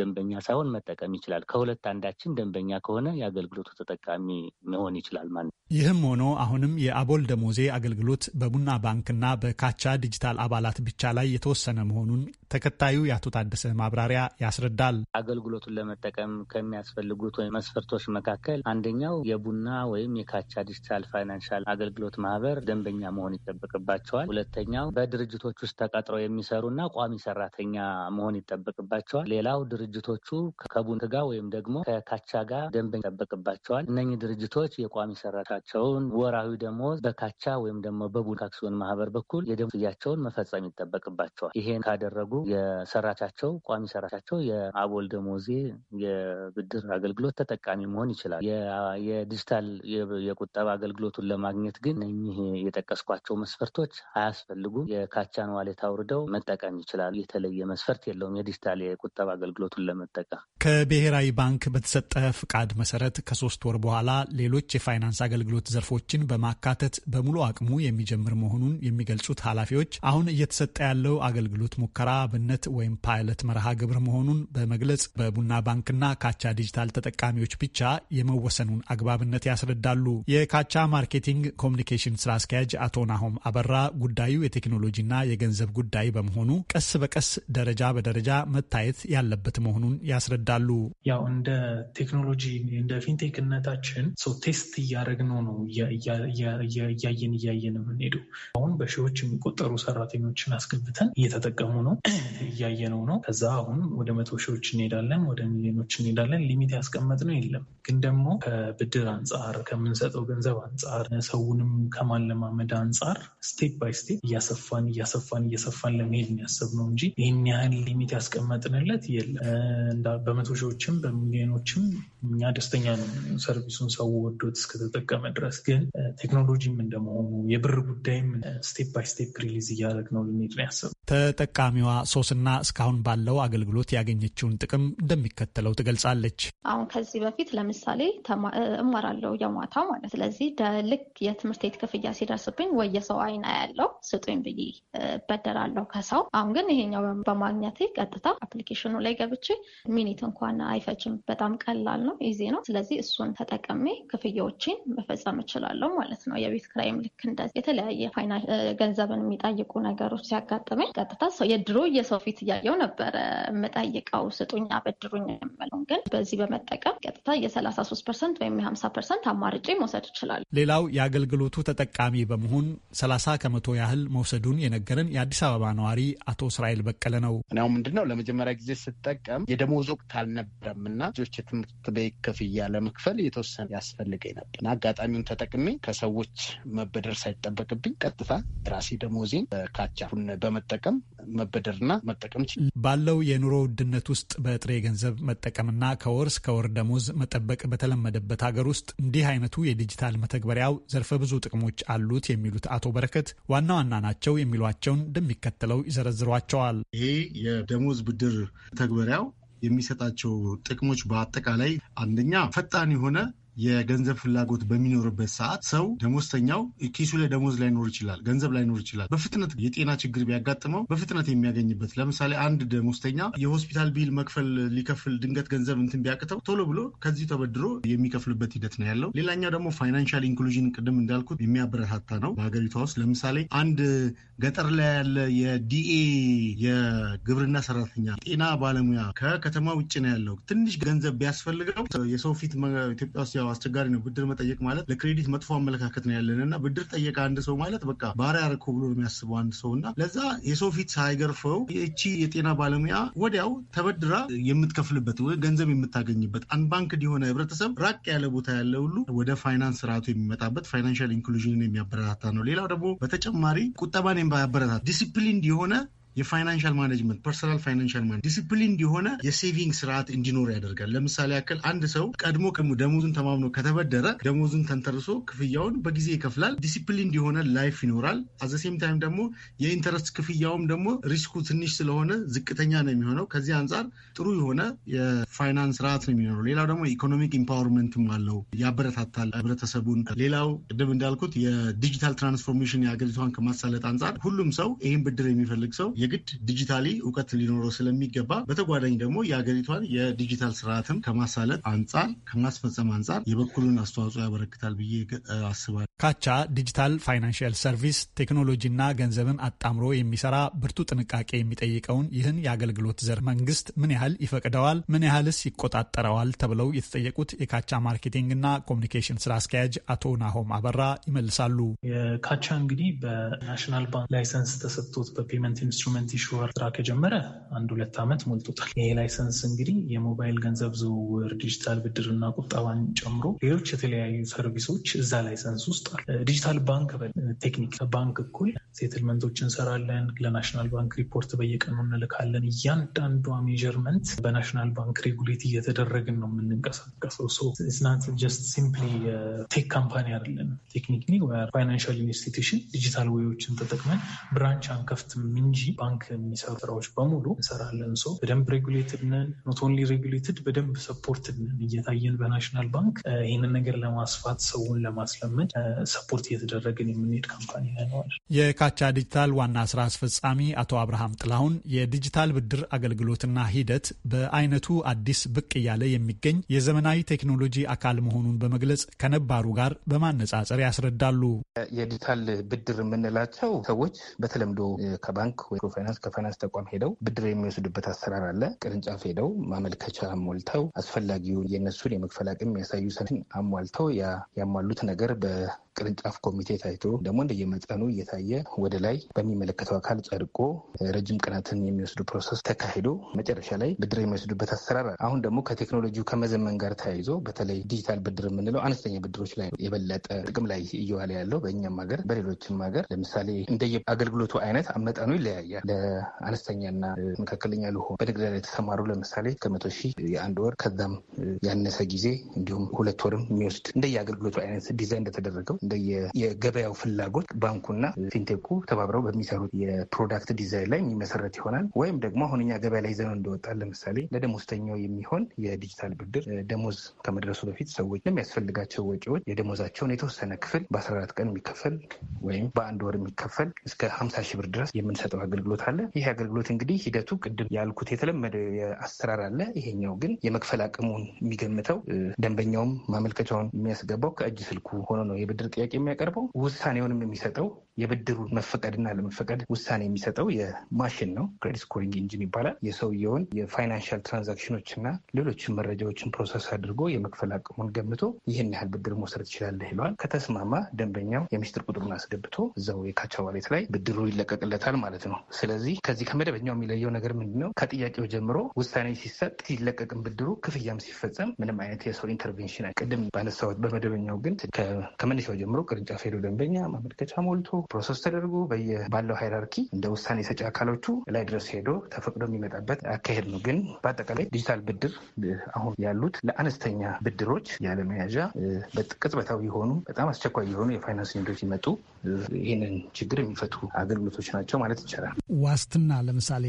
ደንበኛ ሳይሆን መጠቀም ይችላል። ከሁለት አንዳችን ደንበኛ ከሆነ የአገልግሎቱ ተጠቃሚ መሆን ይችላል ማለት ነው። ይህም ሆኖ አሁንም የአቦል ደሞዜ አገልግሎት በቡና ባንክና በካቻ ዲጂታል አባላት ብቻ ላይ የተወሰነ መሆኑን ተከታዩ የአቶ ታደሰ ማብራሪያ ያስረዳል። አገልግሎቱን ለመጠቀም ከሚያስፈልጉት ወይም መስፈርቶች መካከል አንደኛው የቡና ወይም የካቻ ዲጂታል ፋይናንሻል አገልግሎት ማህበር ደንበኛ መሆን ይጠበቅባቸዋል። ሁለተኛው በድርጅቶች ውስጥ ተቀጥረው የሚሰሩና ቋሚ ሰራተኛ መሆን ይጠበቅባቸዋል። ሌላው ድርጅቶቹ ከቡንክ ጋር ወይም ደግሞ ከካቻ ጋር ደንበኛ ይጠበቅባቸዋል። እነኚህ ድርጅቶች የቋሚ ሰራተኛ የሚገባቸውን ወራዊ ደሞዝ በካቻ ወይም ደግሞ በቡድን አክሲዮን ማህበር በኩል የደሞዝ ክፍያቸውን መፈጸም ይጠበቅባቸዋል። ይሄን ካደረጉ የሰራቻቸው ቋሚ ሰራቻቸው የአቦል ደሞዜ የብድር አገልግሎት ተጠቃሚ መሆን ይችላል። የዲጂታል የቁጠባ አገልግሎቱን ለማግኘት ግን እኚህ የጠቀስኳቸው መስፈርቶች አያስፈልጉም። የካቻን ዋሌት አውርደው መጠቀም ይችላሉ። የተለየ መስፈርት የለውም የዲጂታል የቁጠባ አገልግሎቱን ለመጠቀም ከብሔራዊ ባንክ በተሰጠ ፍቃድ መሰረት ከሶስት ወር በኋላ ሌሎች የፋይናንስ አገልግሎት አገልግሎት ዘርፎችን በማካተት በሙሉ አቅሙ የሚጀምር መሆኑን የሚገልጹት ኃላፊዎች አሁን እየተሰጠ ያለው አገልግሎት ሙከራ አብነት ወይም ፓይለት መርሃ ግብር መሆኑን በመግለጽ በቡና ባንክና ካቻ ዲጂታል ተጠቃሚዎች ብቻ የመወሰኑን አግባብነት ያስረዳሉ። የካቻ ማርኬቲንግ ኮሚኒኬሽን ስራ አስኪያጅ አቶ ናሆም አበራ ጉዳዩ የቴክኖሎጂና የገንዘብ ጉዳይ በመሆኑ ቀስ በቀስ ደረጃ በደረጃ መታየት ያለበት መሆኑን ያስረዳሉ። ያው እንደ ቴክኖሎጂ እንደ ፊንቴክነታችን ቴስት እያደረግን ነው እያየን እያየን የምንሄደው። አሁን በሺዎች የሚቆጠሩ ሰራተኞችን አስገብተን እየተጠቀሙ ነው፣ እያየነው ነው። ከዛ አሁን ወደ መቶ ሺዎች እንሄዳለን፣ ወደ ሚሊዮኖች እንሄዳለን። ሊሚት ያስቀመጥነው የለም። ግን ደግሞ ከብድር አንጻር፣ ከምንሰጠው ገንዘብ አንጻር፣ ሰውንም ከማለማመድ አንጻር ስቴፕ ባይ ስቴፕ እያሰፋን እያሰፋን እያሰፋን ለመሄድ ነው እንጂ ይህን ያህል ሊሚት ያስቀመጥንለት የለም። በመቶ ሺዎችም በሚሊዮኖችም እኛ ደስተኛ ነው። ሰርቪሱን ሰው ወዶት እስከተጠቀመ ለመድረስ ግን ቴክኖሎጂም እንደመሆኑ የብር ጉዳይም ስቴፕ ባይ ስቴፕ ሪሊዝ እያደረግ ነው ልንሄድ ነው ያሰብነው። ተጠቃሚዋ ሶስና እስካሁን ባለው አገልግሎት ያገኘችውን ጥቅም እንደሚከተለው ትገልጻለች። አሁን ከዚህ በፊት ለምሳሌ እማራለው የማታ ማለት ስለዚህ ልክ የትምህርት ቤት ክፍያ ሲደርስብኝ ወይ የሰው አይን ያለው ስጡኝ ብዬ በደራለሁ ከሰው። አሁን ግን ይሄኛው በማግኘቴ ቀጥታ አፕሊኬሽኑ ላይ ገብቼ ሚኒት እንኳን አይፈጅም። በጣም ቀላል ነው፣ ኢዚ ነው። ስለዚህ እሱን ተጠቅሜ ክፍያዎችን መፈ መፈጸም እችላለሁ ማለት ነው። የቤት ክራይም ልክ እንደዚህ የተለያየ ፋይና ገንዘብን የሚጠይቁ ነገሮች ሲያጋጥመኝ ቀጥታ ሰው የድሮ የሰው ፊት እያየው ነበረ የምጠይቀው ስጡኝ፣ አበድሩኝ የምለውን ግን በዚህ በመጠቀም ቀጥታ የሰላሳ ሶስት ፐርሰንት ወይም የሀምሳ ፐርሰንት አማርጬ መውሰድ እችላለሁ። ሌላው የአገልግሎቱ ተጠቃሚ በመሆን ሰላሳ ከመቶ ያህል መውሰዱን የነገረን የአዲስ አበባ ነዋሪ አቶ እስራኤል በቀለ ነው። እኔው ምንድነው ለመጀመሪያ ጊዜ ስጠቀም የደሞዝ ወቅት አልነበረም እና ልጆች የትምህርት ቤት ክፍያ ለመክፈል የተወሰነ ያስፈልገኝ ነበር። አጋጣሚ አጋጣሚውን ተጠቅሜ ከሰዎች መበደር ሳይጠበቅብኝ ቀጥታ ራሴ ደሞዜን ካቻሁን በመጠቀም መበደርና መጠቀም ችል ባለው የኑሮ ውድነት ውስጥ በጥሬ ገንዘብ መጠቀምና ከወር እስከ ወር ደሞዝ መጠበቅ በተለመደበት ሀገር ውስጥ እንዲህ አይነቱ የዲጂታል መተግበሪያው ዘርፈ ብዙ ጥቅሞች አሉት የሚሉት አቶ በረከት ዋና ዋና ናቸው የሚሏቸውን እንደሚከተለው ይዘረዝሯቸዋል። ይሄ የደሞዝ ብድር መተግበሪያው የሚሰጣቸው ጥቅሞች በአጠቃላይ አንደኛ ፈጣን የሆነ የገንዘብ ፍላጎት በሚኖርበት ሰዓት ሰው ደሞዝተኛው ኪሱ ላይ ደሞዝ ላይኖር ይችላል፣ ገንዘብ ላይኖር ይችላል። በፍጥነት የጤና ችግር ቢያጋጥመው በፍጥነት የሚያገኝበት ለምሳሌ አንድ ደሞዝተኛ የሆስፒታል ቢል መክፈል ሊከፍል ድንገት ገንዘብ እንትን ቢያቅተው ቶሎ ብሎ ከዚህ ተበድሮ የሚከፍልበት ሂደት ነው ያለው። ሌላኛው ደግሞ ፋይናንሻል ኢንክሉዥን ቅድም እንዳልኩት የሚያበረታታ ነው በሀገሪቷ ውስጥ። ለምሳሌ አንድ ገጠር ላይ ያለ የዲኤ የግብርና ሰራተኛ ጤና ባለሙያ ከከተማ ውጭ ነው ያለው ትንሽ ገንዘብ ቢያስፈልገው የሰው ፊት ኢትዮጵያ ውስጥ ያው አስቸጋሪ ነው። ብድር መጠየቅ ማለት ለክሬዲት መጥፎ አመለካከት ነው ያለን እና ብድር ጠየቀ አንድ ሰው ማለት በቃ ባሪያ አደረኩ ብሎ የሚያስበው አንድ ሰው እና ለዛ የሰው ፊት ሳይገርፈው ይቺ የጤና ባለሙያ ወዲያው ተበድራ የምትከፍልበት ገንዘብ የምታገኝበት አንባንክድ የሆነ ህብረተሰብ ራቅ ያለ ቦታ ያለ ሁሉ ወደ ፋይናንስ ስርዓቱ የሚመጣበት ፋይናንሻል ኢንክሉዥንን የሚያበረታታ ነው። ሌላው ደግሞ በተጨማሪ ቁጠባን የሚያበረታታ ዲሲፕሊን የሆነ የፋይናንሻል ማኔጅመንት ፐርሰናል ፋይናንሻል ማኔጅመንት ዲሲፕሊን የሆነ የሴቪንግ ስርዓት እንዲኖር ያደርጋል። ለምሳሌ ያክል አንድ ሰው ቀድሞ ደሞዙን ተማምኖ ከተበደረ ደሞዙን ተንተርሶ ክፍያውን በጊዜ ይከፍላል። ዲሲፕሊን የሆነ ላይፍ ይኖራል። አዘሴም ታይም ደግሞ የኢንተረስት ክፍያውም ደግሞ ሪስኩ ትንሽ ስለሆነ ዝቅተኛ ነው የሚሆነው። ከዚህ አንጻር ጥሩ የሆነ የፋይናንስ ስርዓት ነው የሚኖረው። ሌላው ደግሞ ኢኮኖሚክ ኢምፓወርመንትም አለው፣ ያበረታታል ህብረተሰቡን። ሌላው ቅድም እንዳልኩት የዲጂታል ትራንስፎርሜሽን የሀገሪቷን ከማሳለጥ አንጻር ሁሉም ሰው ይህን ብድር የሚፈልግ ሰው የግድ ዲጂታሊ እውቀት ሊኖረው ስለሚገባ በተጓዳኝ ደግሞ የሀገሪቷን የዲጂታል ስርዓትም ከማሳለጥ አንጻር ከማስፈጸም አንጻር የበኩሉን አስተዋጽኦ ያበረክታል ብዬ አስባለሁ። ካቻ ዲጂታል ፋይናንሽል ሰርቪስ ቴክኖሎጂና ገንዘብን አጣምሮ የሚሰራ ብርቱ ጥንቃቄ የሚጠይቀውን ይህን የአገልግሎት ዘር መንግስት ምን ያህል ይፈቅደዋል? ምን ያህልስ ይቆጣጠረዋል? ተብለው የተጠየቁት የካቻ ማርኬቲንግና ኮሚኒኬሽን ስራ አስኪያጅ አቶ ናሆም አበራ ይመልሳሉ። የካቻ እንግዲህ በናሽናል ባንክ ላይሰንስ ተሰጥቶት በፔመንት ኢንስትሩመንት ኢሹር ስራ ከጀመረ አንድ ሁለት ዓመት ሞልቶታል። ይሄ ላይሰንስ እንግዲህ የሞባይል ገንዘብ ዝውውር፣ ዲጂታል ብድርና ቁጠባን ጨምሮ ሌሎች የተለያዩ ሰርቪሶች እዛ ላይሰንስ ውስጥ አሉ። ዲጂታል ባንክ ቴክኒክ ባንክ እኩል ሴትልመንቶች እንሰራለን። ለናሽናል ባንክ ሪፖርት በየቀኑ እንልካለን። እያንዳንዷ ሜዥርመንት በናሽናል ባንክ ሬጉሌት እየተደረግን ነው የምንንቀሳቀሰው። ሶ ስናት ጀስት ሲምፕሊ ቴክ ካምፓኒ አይደለም። ቴክኒክሊ ፋይናንሻል ኢንስቲትዩሽን ዲጂታል ወዮችን ተጠቅመን ብራንች አንከፍትም እንጂ ባንክ የሚሰሩ ስራዎች በሙሉ እንሰራለን። ሶ በደንብ ሬጉሌትድ ነን፣ ኖት ኦንሊ ሬጉሌትድ በደንብ ሰፖርትድ ነን። እየታየን በናሽናል ባንክ ይህንን ነገር ለማስፋት ሰውን ለማስለመድ ሰፖርት እየተደረግን የምንሄድ ካምፓኒ ነዋል። የካቻ ዲጂታል ዋና ስራ አስፈጻሚ አቶ አብርሃም ጥላሁን የዲጂታል ብድር አገልግሎትና ሂደት በአይነቱ አዲስ ብቅ እያለ የሚገኝ የዘመናዊ ቴክኖሎጂ አካል መሆኑን በመግለጽ ከነባሩ ጋር በማነጻጸር ያስረዳሉ። የዲጂታል ብድር የምንላቸው ሰዎች በተለምዶ ከባንክ ወይ ፋይናንስ ከፋይናንስ ተቋም ሄደው ብድር የሚወስዱበት አሰራር አለ። ቅርንጫፍ ሄደው ማመልከቻ አሟልተው አስፈላጊውን የእነሱን የመክፈል አቅም የሚያሳዩ ሰነድ አሟልተው ያሟሉት ነገር ቅርንጫፍ ኮሚቴ ታይቶ ደግሞ እንደየመጠኑ እየታየ ወደ ላይ በሚመለከተው አካል ጸድቆ ረጅም ቀናትን የሚወስዱ ፕሮሰስ ተካሂዶ መጨረሻ ላይ ብድር የሚወስዱበት አሰራር አሁን ደግሞ ከቴክኖሎጂ ከመዘመን ጋር ተያይዞ በተለይ ዲጂታል ብድር የምንለው አነስተኛ ብድሮች ላይ የበለጠ ጥቅም ላይ እየዋለ ያለው በእኛም ሀገር በሌሎችም ሀገር ለምሳሌ እንደየ አገልግሎቱ አይነት መጠኑ ይለያያል። ለአነስተኛና መካከለኛ ልሆን በንግድ ላይ የተሰማሩ ለምሳሌ ከመቶ ሺህ የአንድ ወር ከዛም ያነሰ ጊዜ እንዲሁም ሁለት ወርም የሚወስድ እንደየ አገልግሎቱ አይነት ዲዛይን እንደተደረገው እንደየ የገበያው ፍላጎት ባንኩና ፊንቴኩ ተባብረው በሚሰሩት የፕሮዳክት ዲዛይን ላይ የሚመሰረት ይሆናል። ወይም ደግሞ አሁንኛ ገበያ ላይ ዘመን እንደወጣ ለምሳሌ ለደሞዝተኛው የሚሆን የዲጂታል ብድር ደሞዝ ከመድረሱ በፊት ሰዎች ለሚያስፈልጋቸው ወጪዎች የደሞዛቸውን የተወሰነ ክፍል በአስራ አራት ቀን የሚከፈል ወይም በአንድ ወር የሚከፈል እስከ ሀምሳ ሺህ ብር ድረስ የምንሰጠው አገልግሎት አለ። ይህ አገልግሎት እንግዲህ ሂደቱ ቅድም ያልኩት የተለመደ አሰራር አለ። ይሄኛው ግን የመክፈል አቅሙን የሚገምተው ደንበኛውም ማመልከቻውን የሚያስገባው ከእጅ ስልኩ ሆኖ ነው የብድር ጥያቄ የሚያቀርበው ውሳኔውንም የሚሰጠው የብድሩ መፈቀድና ለመፈቀድ ውሳኔ የሚሰጠው የማሽን ነው። ክሬዲት ስኮሪንግ ኢንጂን ይባላል። የሰውየውን የፋይናንሻል ትራንዛክሽኖች እና ሌሎችን መረጃዎችን ፕሮሰስ አድርጎ የመክፈል አቅሙን ገምቶ ይህን ያህል ብድር መውሰድ ትችላለህ ይለዋል። ከተስማማ ደንበኛው የሚስጥር ቁጥሩን አስገብቶ እዛው የካቻ ዋሌት ላይ ብድሩ ይለቀቅለታል ማለት ነው። ስለዚህ ከዚህ ከመደበኛው የሚለየው ነገር ምንድን ነው? ከጥያቄው ጀምሮ ውሳኔ ሲሰጥ ሲለቀቅም ብድሩ ክፍያም ሲፈጸም ምንም አይነት የሰው ኢንተርቬንሽን ቅድም ባነሳሁት በመደበኛው ግን ከመነሻው ጀምሮ ቅርንጫፍ ሄዶ ደንበኛ ማመልከቻ ሞልቶ ፕሮሰስ ተደርጎ ባለው ሃይራርኪ እንደ ውሳኔ ሰጪ አካሎቹ ላይ ድረስ ሄዶ ተፈቅዶ የሚመጣበት አካሄድ ነው። ግን በአጠቃላይ ዲጂታል ብድር አሁን ያሉት ለአነስተኛ ብድሮች ያለመያዣ ቅጽበታዊ የሆኑ በጣም አስቸኳይ የሆኑ የፋይናንስ ኒዶች ሲመጡ ይህንን ችግር የሚፈቱ አገልግሎቶች ናቸው ማለት ይቻላል። ዋስትና ለምሳሌ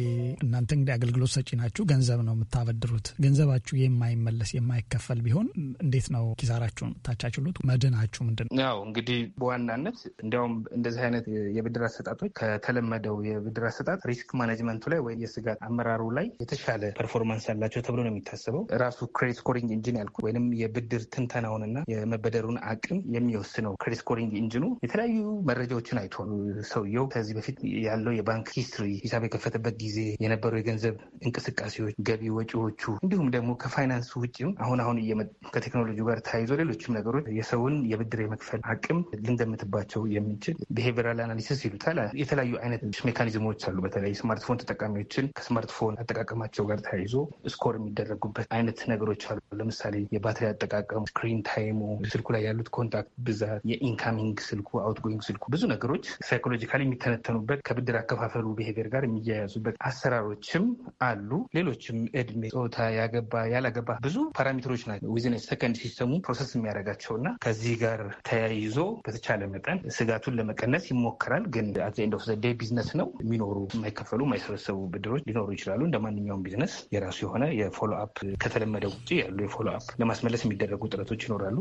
እናንተ እንግዲህ አገልግሎት ሰጪ ናችሁ፣ ገንዘብ ነው የምታበድሩት። ገንዘባችሁ የማይመለስ የማይከፈል ቢሆን እንዴት ነው ኪሳራችሁን ታቻችሉት? መድናችሁ ምንድን ነው? ያው እንግዲህ በዋናነት እንዲያውም እንደዚህ አይነት የብድር አሰጣጦች ከተለመደው የብድር አሰጣጥ ሪስክ ማኔጅመንቱ ላይ ወይ የስጋት አመራሩ ላይ የተሻለ ፐርፎርማንስ ያላቸው ተብሎ ነው የሚታሰበው። ራሱ ክሬዲት ስኮሪንግ ኢንጂን ያልኩ ወይም የብድር ትንተናውንና የመበደሩን አቅም የሚወስነው ክሬዲት ስኮሪንግ ኢንጂኑ የተለያዩ መረጃዎችን አይቷል። ሰውየው ከዚህ በፊት ያለው የባንክ ሂስትሪ፣ ሂሳብ የከፈተበት ጊዜ የነበሩ የገንዘብ እንቅስቃሴዎች፣ ገቢ ወጪዎቹ፣ እንዲሁም ደግሞ ከፋይናንስ ውጭም አሁን አሁን ከቴክኖሎጂ ጋር ተያይዞ ሌሎችም ነገሮች የሰውን የብድር የመክፈል አቅም ልንገምትባቸው የምንችል ቢሄቪራል አናሊሲስ ይሉታል። የተለያዩ አይነት ሜካኒዝሞች አሉ። በተለይ ስማርትፎን ተጠቃሚዎችን ከስማርትፎን አጠቃቀማቸው ጋር ተያይዞ ስኮር የሚደረጉበት አይነት ነገሮች አሉ። ለምሳሌ የባትሪ አጠቃቀሙ፣ ስክሪን ታይሙ፣ ስልኩ ላይ ያሉት ኮንታክት ብዛት፣ የኢንካሚንግ ስልኩ አውትጎይንግ ስልኩ ብዙ ነገሮች ሳይኮሎጂካ የሚተነተኑበት ከብድር አከፋፈሉ ብሄር ጋር የሚያያዙበት አሰራሮችም አሉ። ሌሎችም እድሜ፣ ፆታ፣ ያገባ ያላገባ ብዙ ፓራሜትሮች ናቸው ዊዝን ሰከንድ ሲስተሙ ፕሮሰስ የሚያደርጋቸው እና ከዚህ ጋር ተያይዞ በተቻለ መጠን ስጋቱን ለመቀነስ ይሞከራል። ግን አት ኤንድ ኦፍ ዘ ዴይ ቢዝነስ ነው። የሚኖሩ የማይከፈሉ የማይሰበሰቡ ብድሮች ሊኖሩ ይችላሉ። እንደ ማንኛውም ቢዝነስ የራሱ የሆነ የፎሎ አፕ ከተለመደ ውጭ ያሉ የፎሎ አፕ ለማስመለስ የሚደረጉ ጥረቶች ይኖራሉ።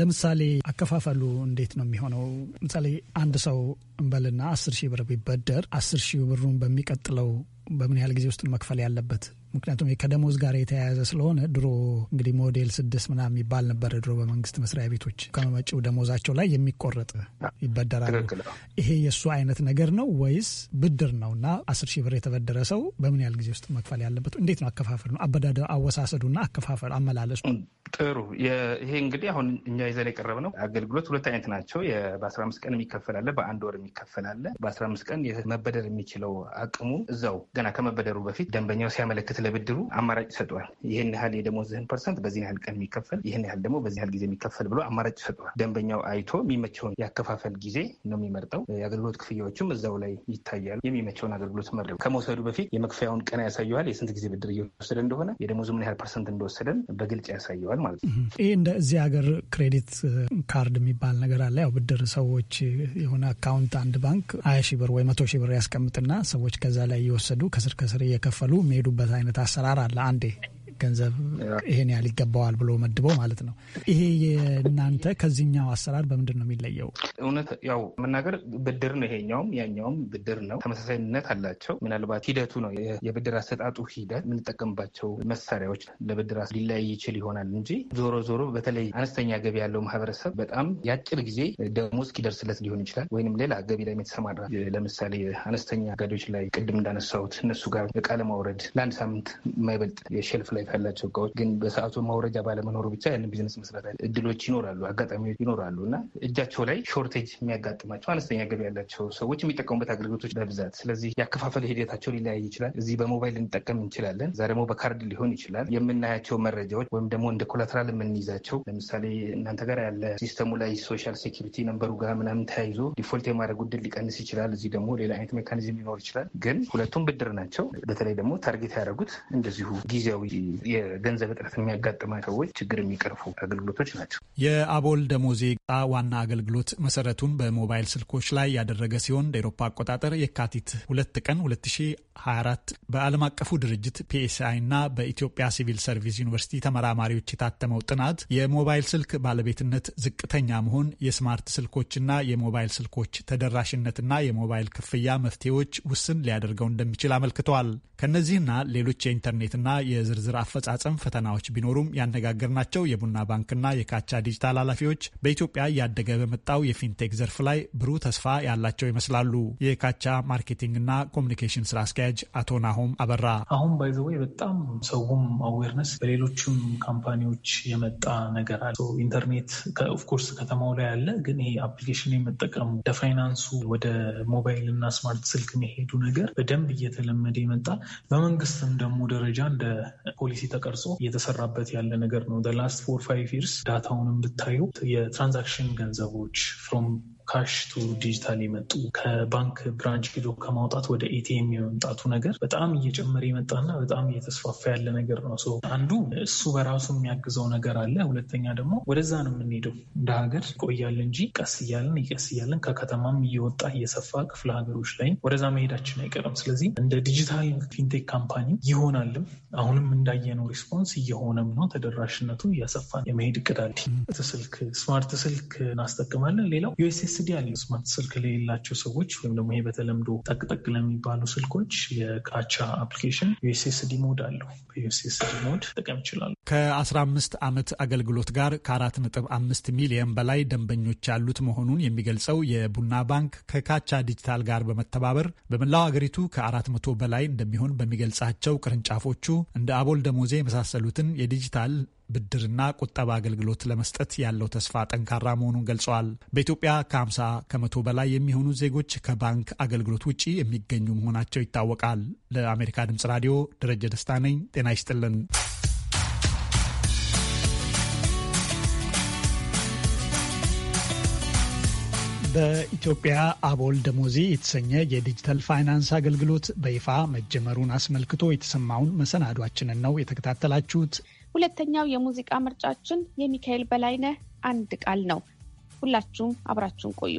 ለምሳሌ አከፋፈሉ እንዴት ነው የሚሆነው? ምሳሌ አንድ ሰው እንበልና አስር ሺህ ብር ቢበደር አስር ሺህ ብሩን በሚቀጥለው በምን ያህል ጊዜ ውስጥ መክፈል ያለበት ምክንያቱም ከደሞዝ ጋር የተያያዘ ስለሆነ ድሮ እንግዲህ ሞዴል ስድስት ምናምን የሚባል ነበር ድሮ በመንግስት መስሪያ ቤቶች ከመጪው ደሞዛቸው ላይ የሚቆረጥ ይበደራሉ። ይሄ የእሱ አይነት ነገር ነው ወይስ ብድር ነው? እና አስር ሺህ ብር የተበደረ ሰው በምን ያህል ጊዜ ውስጥ መክፈል ያለበት እንዴት ነው? አከፋፈል ነው አበዳደ አወሳሰዱና አከፋፈል አመላለሱ ጥሩ። ይሄ እንግዲህ አሁን እኛ ይዘን የቀረብ ነው አገልግሎት ሁለት አይነት ናቸው። በአስራ አምስት ቀን የሚከፈላለ በአንድ ወር የሚከፈላለ። አለ። በአስራ አምስት ቀን መበደር የሚችለው አቅሙ እዛው ገና ከመበደሩ በፊት ደንበኛው ሲያመለክት ለብድሩ አማራጭ ይሰጠዋል። ይህን ያህል የደሞዝህን ፐርሰንት በዚህን ያህል ቀን የሚከፈል ይህን ያህል ደግሞ በዚህ ያህል ጊዜ የሚከፈል ብሎ አማራጭ ይሰጠዋል። ደንበኛው አይቶ የሚመቸውን ያከፋፈል ጊዜ ነው የሚመርጠው። የአገልግሎት ክፍያዎችም እዛው ላይ ይታያሉ። የሚመቸውን አገልግሎት መር ከመውሰዱ በፊት የመክፈያውን ቀን ያሳየዋል። የስንት ጊዜ ብድር እየወሰደ እንደሆነ የደሞዙ ምን ያህል ፐርሰንት እንደወሰደን በግልጽ ያሳየዋል ማለት ነው። ይህ እንደ እዚህ ሀገር ክሬዲት ካርድ የሚባል ነገር አለ። ያው ብድር ሰዎች የሆነ አካውንት አንድ ባንክ ሀያ ሺህ ብር ወይ መቶ ሺህ ብር ያስቀምጥና ሰዎች ከዛ ላይ እየወሰዱ ከስር ከስር እየከፈሉ የሚሄዱበት አይነት አይነት አሰራር አለ። አንዴ ገንዘብ ይሄን ያህል ይገባዋል ብሎ መድቦ ማለት ነው። ይሄ የእናንተ ከዚህኛው አሰራር በምንድን ነው የሚለየው? እውነት ያው መናገር ብድር ነው። ይሄኛውም ያኛውም ብድር ነው። ተመሳሳይነት አላቸው። ምናልባት ሂደቱ ነው የብድር አሰጣጡ ሂደት የምንጠቀምባቸው መሳሪያዎች ለብድር ሊለያይ ይችል ይሆናል እንጂ ዞሮ ዞሮ በተለይ አነስተኛ ገቢ ያለው ማህበረሰብ በጣም የአጭር ጊዜ ደግሞ እስኪደርስለት ሊሆን ይችላል ወይም ሌላ ገቢ ላይ የተሰማራ ለምሳሌ አነስተኛ ገዶች ላይ ቅድም እንዳነሳሁት እነሱ ጋር እቃ ለማውረድ ለአንድ ሳምንት የማይበልጥ የሼልፍ ላይ ተጠያቂነት እቃዎች ግን በሰዓቱ ማውረጃ ባለመኖሩ ብቻ ያንን ቢዝነስ መስራት እድሎች ይኖራሉ፣ አጋጣሚዎች ይኖራሉ እና እጃቸው ላይ ሾርቴጅ የሚያጋጥማቸው አነስተኛ ገቢ ያላቸው ሰዎች የሚጠቀሙበት አገልግሎቶች በብዛት ስለዚህ ያከፋፈል ሂደታቸው ሊለያይ ይችላል። እዚህ በሞባይል ልንጠቀም እንችላለን፣ እዛ ደግሞ በካርድ ሊሆን ይችላል። የምናያቸው መረጃዎች ወይም ደግሞ እንደ ኮላትራል የምንይዛቸው ለምሳሌ እናንተ ጋር ያለ ሲስተሙ ላይ ሶሻል ሴኪሪቲ ነንበሩ ጋር ምናምን ተያይዞ ዲፎልት የማድረግ ውድል ሊቀንስ ይችላል። እዚህ ደግሞ ሌላ አይነት ሜካኒዝም ሊኖር ይችላል። ግን ሁለቱም ብድር ናቸው። በተለይ ደግሞ ታርጌት ያደረጉት እንደዚሁ ጊዜያዊ የገንዘብ እጥረት የሚያጋጥመው ሰዎች ችግር የሚቀርፉ አገልግሎቶች ናቸው። የአቦል ደሞዜ ዋና አገልግሎት መሰረቱን በሞባይል ስልኮች ላይ ያደረገ ሲሆን እንደ ኤሮፓ አቆጣጠር የካቲት ሁለት ቀን 2000 24 በዓለም አቀፉ ድርጅት ፒኤስአይ እና በኢትዮጵያ ሲቪል ሰርቪስ ዩኒቨርሲቲ ተመራማሪዎች የታተመው ጥናት የሞባይል ስልክ ባለቤትነት ዝቅተኛ መሆን የስማርት ስልኮችና የሞባይል ስልኮች ተደራሽነትና የሞባይል ክፍያ መፍትሄዎች ውስን ሊያደርገው እንደሚችል አመልክተዋል። ከእነዚህና ሌሎች የኢንተርኔትና የዝርዝር አፈጻጸም ፈተናዎች ቢኖሩም ያነጋገርናቸው የቡና ባንክና የካቻ ዲጂታል ኃላፊዎች በኢትዮጵያ እያደገ በመጣው የፊንቴክ ዘርፍ ላይ ብሩህ ተስፋ ያላቸው ይመስላሉ። የካቻ ማርኬቲንግና ኮሚኒኬሽን ስራ አስኪያ አዘጋጅ አቶ ናሆም አበራ አሁን ባይዘወይ በጣም ሰውም አዌርነስ በሌሎችም ካምፓኒዎች የመጣ ነገር አለ። ኢንተርኔት ኦፍኮርስ ከተማው ላይ አለ፣ ግን ይሄ አፕሊኬሽን የመጠቀሙ ለፋይናንሱ ወደ ሞባይል እና ስማርት ስልክ የሄዱ ነገር በደንብ እየተለመደ የመጣ በመንግስትም ደግሞ ደረጃ እንደ ፖሊሲ ተቀርጾ እየተሰራበት ያለ ነገር ነው። ላስት ፎር ፋይቭ ይርስ ዳታውንም ብታዩ የትራንዛክሽን ገንዘቦች ፍሮም ካሽ ቱ ዲጂታል የመጡ ከባንክ ብራንች ሄዶ ከማውጣት ወደ ኤቲኤም የመምጣቱ ነገር በጣም እየጨመረ የመጣና በጣም እየተስፋፋ ያለ ነገር ነው። ሰው አንዱ እሱ በራሱ የሚያግዘው ነገር አለ። ሁለተኛ ደግሞ ወደዛ ነው የምንሄደው እንደ ሀገር ይቆያል እንጂ ቀስ እያለን ቀስ እያለን ከከተማም እየወጣ እየሰፋ ክፍለ ሀገሮች ላይ ወደዛ መሄዳችን አይቀርም። ስለዚህ እንደ ዲጂታል ፊንቴክ ካምፓኒ ይሆናልም አሁንም እንዳየነው ሪስፖንስ እየሆነም ነው። ተደራሽነቱ እያሰፋ የመሄድ እቅዳል ስልክ ስማርት ስልክ እናስጠቅማለን። ሌላው ዩኤስኤስ ኤስዲ አለ። ስማርት ስልክ ላይ የሌላቸው ሰዎች ወይም ደግሞ ይሄ በተለምዶ ጠቅጠቅ ለሚባሉ ስልኮች የካቻ አፕሊኬሽን ዩኤስኤስዲ ሞድ አለው። በዩኤስኤስዲ ሞድ ጥቅም ይችላሉ። ከ15 ዓመት አገልግሎት ጋር ከ4.5 ሚሊዮን በላይ ደንበኞች ያሉት መሆኑን የሚገልጸው የቡና ባንክ ከካቻ ዲጂታል ጋር በመተባበር በመላው አገሪቱ ከ400 በላይ እንደሚሆን በሚገልጻቸው ቅርንጫፎቹ እንደ አቦል ደሞዜ የመሳሰሉትን የዲጂታል ብድርና ቁጠባ አገልግሎት ለመስጠት ያለው ተስፋ ጠንካራ መሆኑን ገልጸዋል። በኢትዮጵያ ከ50 ከመቶ በላይ የሚሆኑ ዜጎች ከባንክ አገልግሎት ውጭ የሚገኙ መሆናቸው ይታወቃል። ለአሜሪካ ድምጽ ራዲዮ ደረጀ ደስታ ነኝ። ጤና ይስጥልን። በኢትዮጵያ አቦል ደሞዚ የተሰኘ የዲጂታል ፋይናንስ አገልግሎት በይፋ መጀመሩን አስመልክቶ የተሰማውን መሰናዷችንን ነው የተከታተላችሁት። ሁለተኛው የሙዚቃ ምርጫችን የሚካኤል በላይነህ አንድ ቃል ነው። ሁላችሁም አብራችሁን ቆዩ።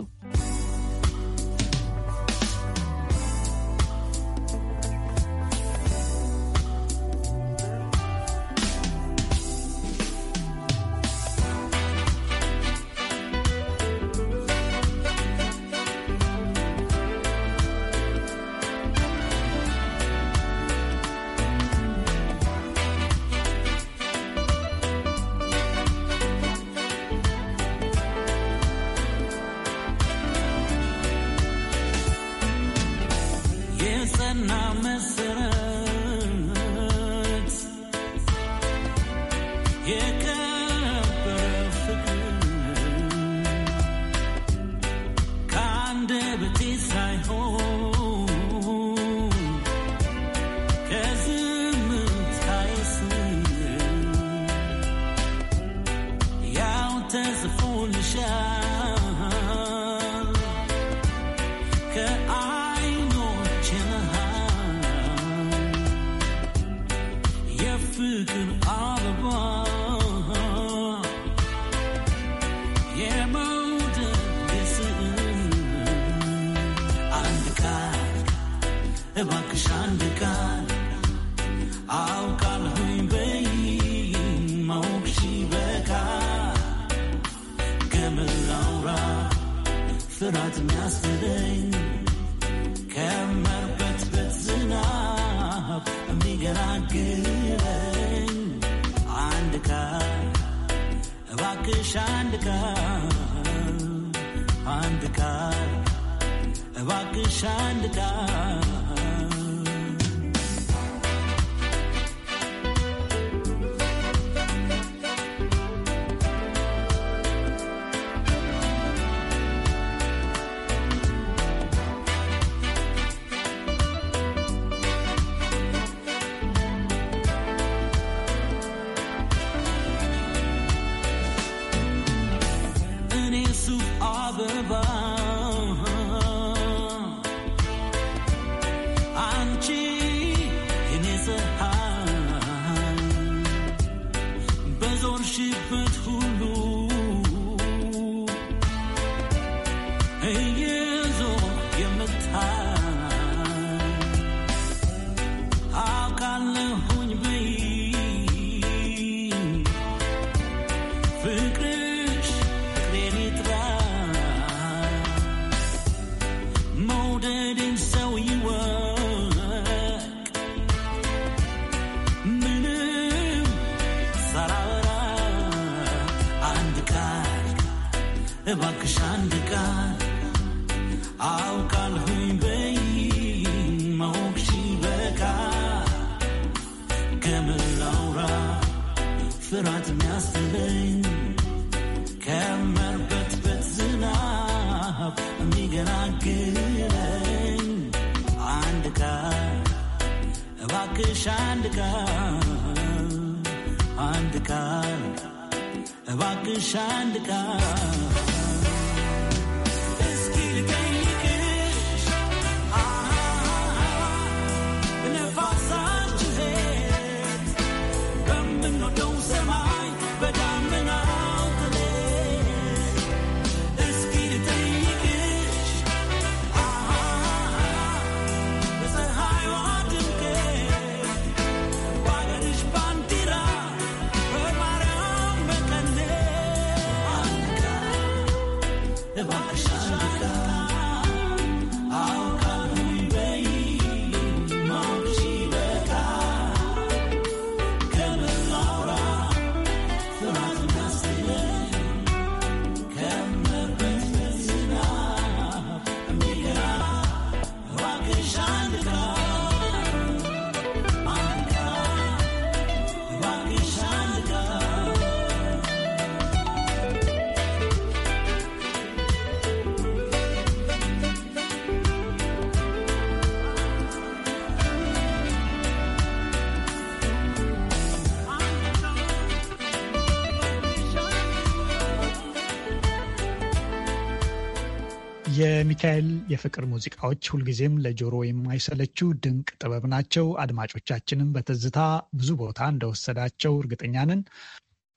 ሚካኤል የፍቅር ሙዚቃዎች ሁልጊዜም ለጆሮ የማይሰለችው ድንቅ ጥበብ ናቸው። አድማጮቻችንም በትዝታ ብዙ ቦታ እንደወሰዳቸው እርግጠኛ ነን።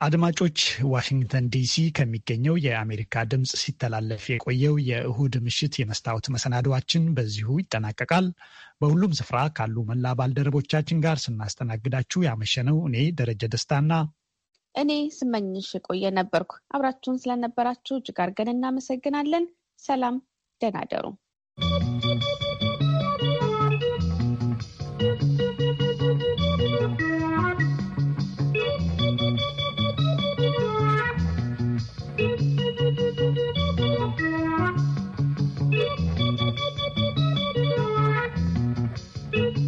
አድማጮች፣ ዋሽንግተን ዲሲ ከሚገኘው የአሜሪካ ድምፅ ሲተላለፍ የቆየው የእሁድ ምሽት የመስታወት መሰናዶችን በዚሁ ይጠናቀቃል። በሁሉም ስፍራ ካሉ መላ ባልደረቦቻችን ጋር ስናስተናግዳችሁ ያመሸነው እኔ ደረጀ ደስታና እኔ ስመኝሽ የቆየ ነበርኩ። አብራችሁን ስለነበራችሁ እጅግ አድርገን እናመሰግናለን። ሰላም። than I do.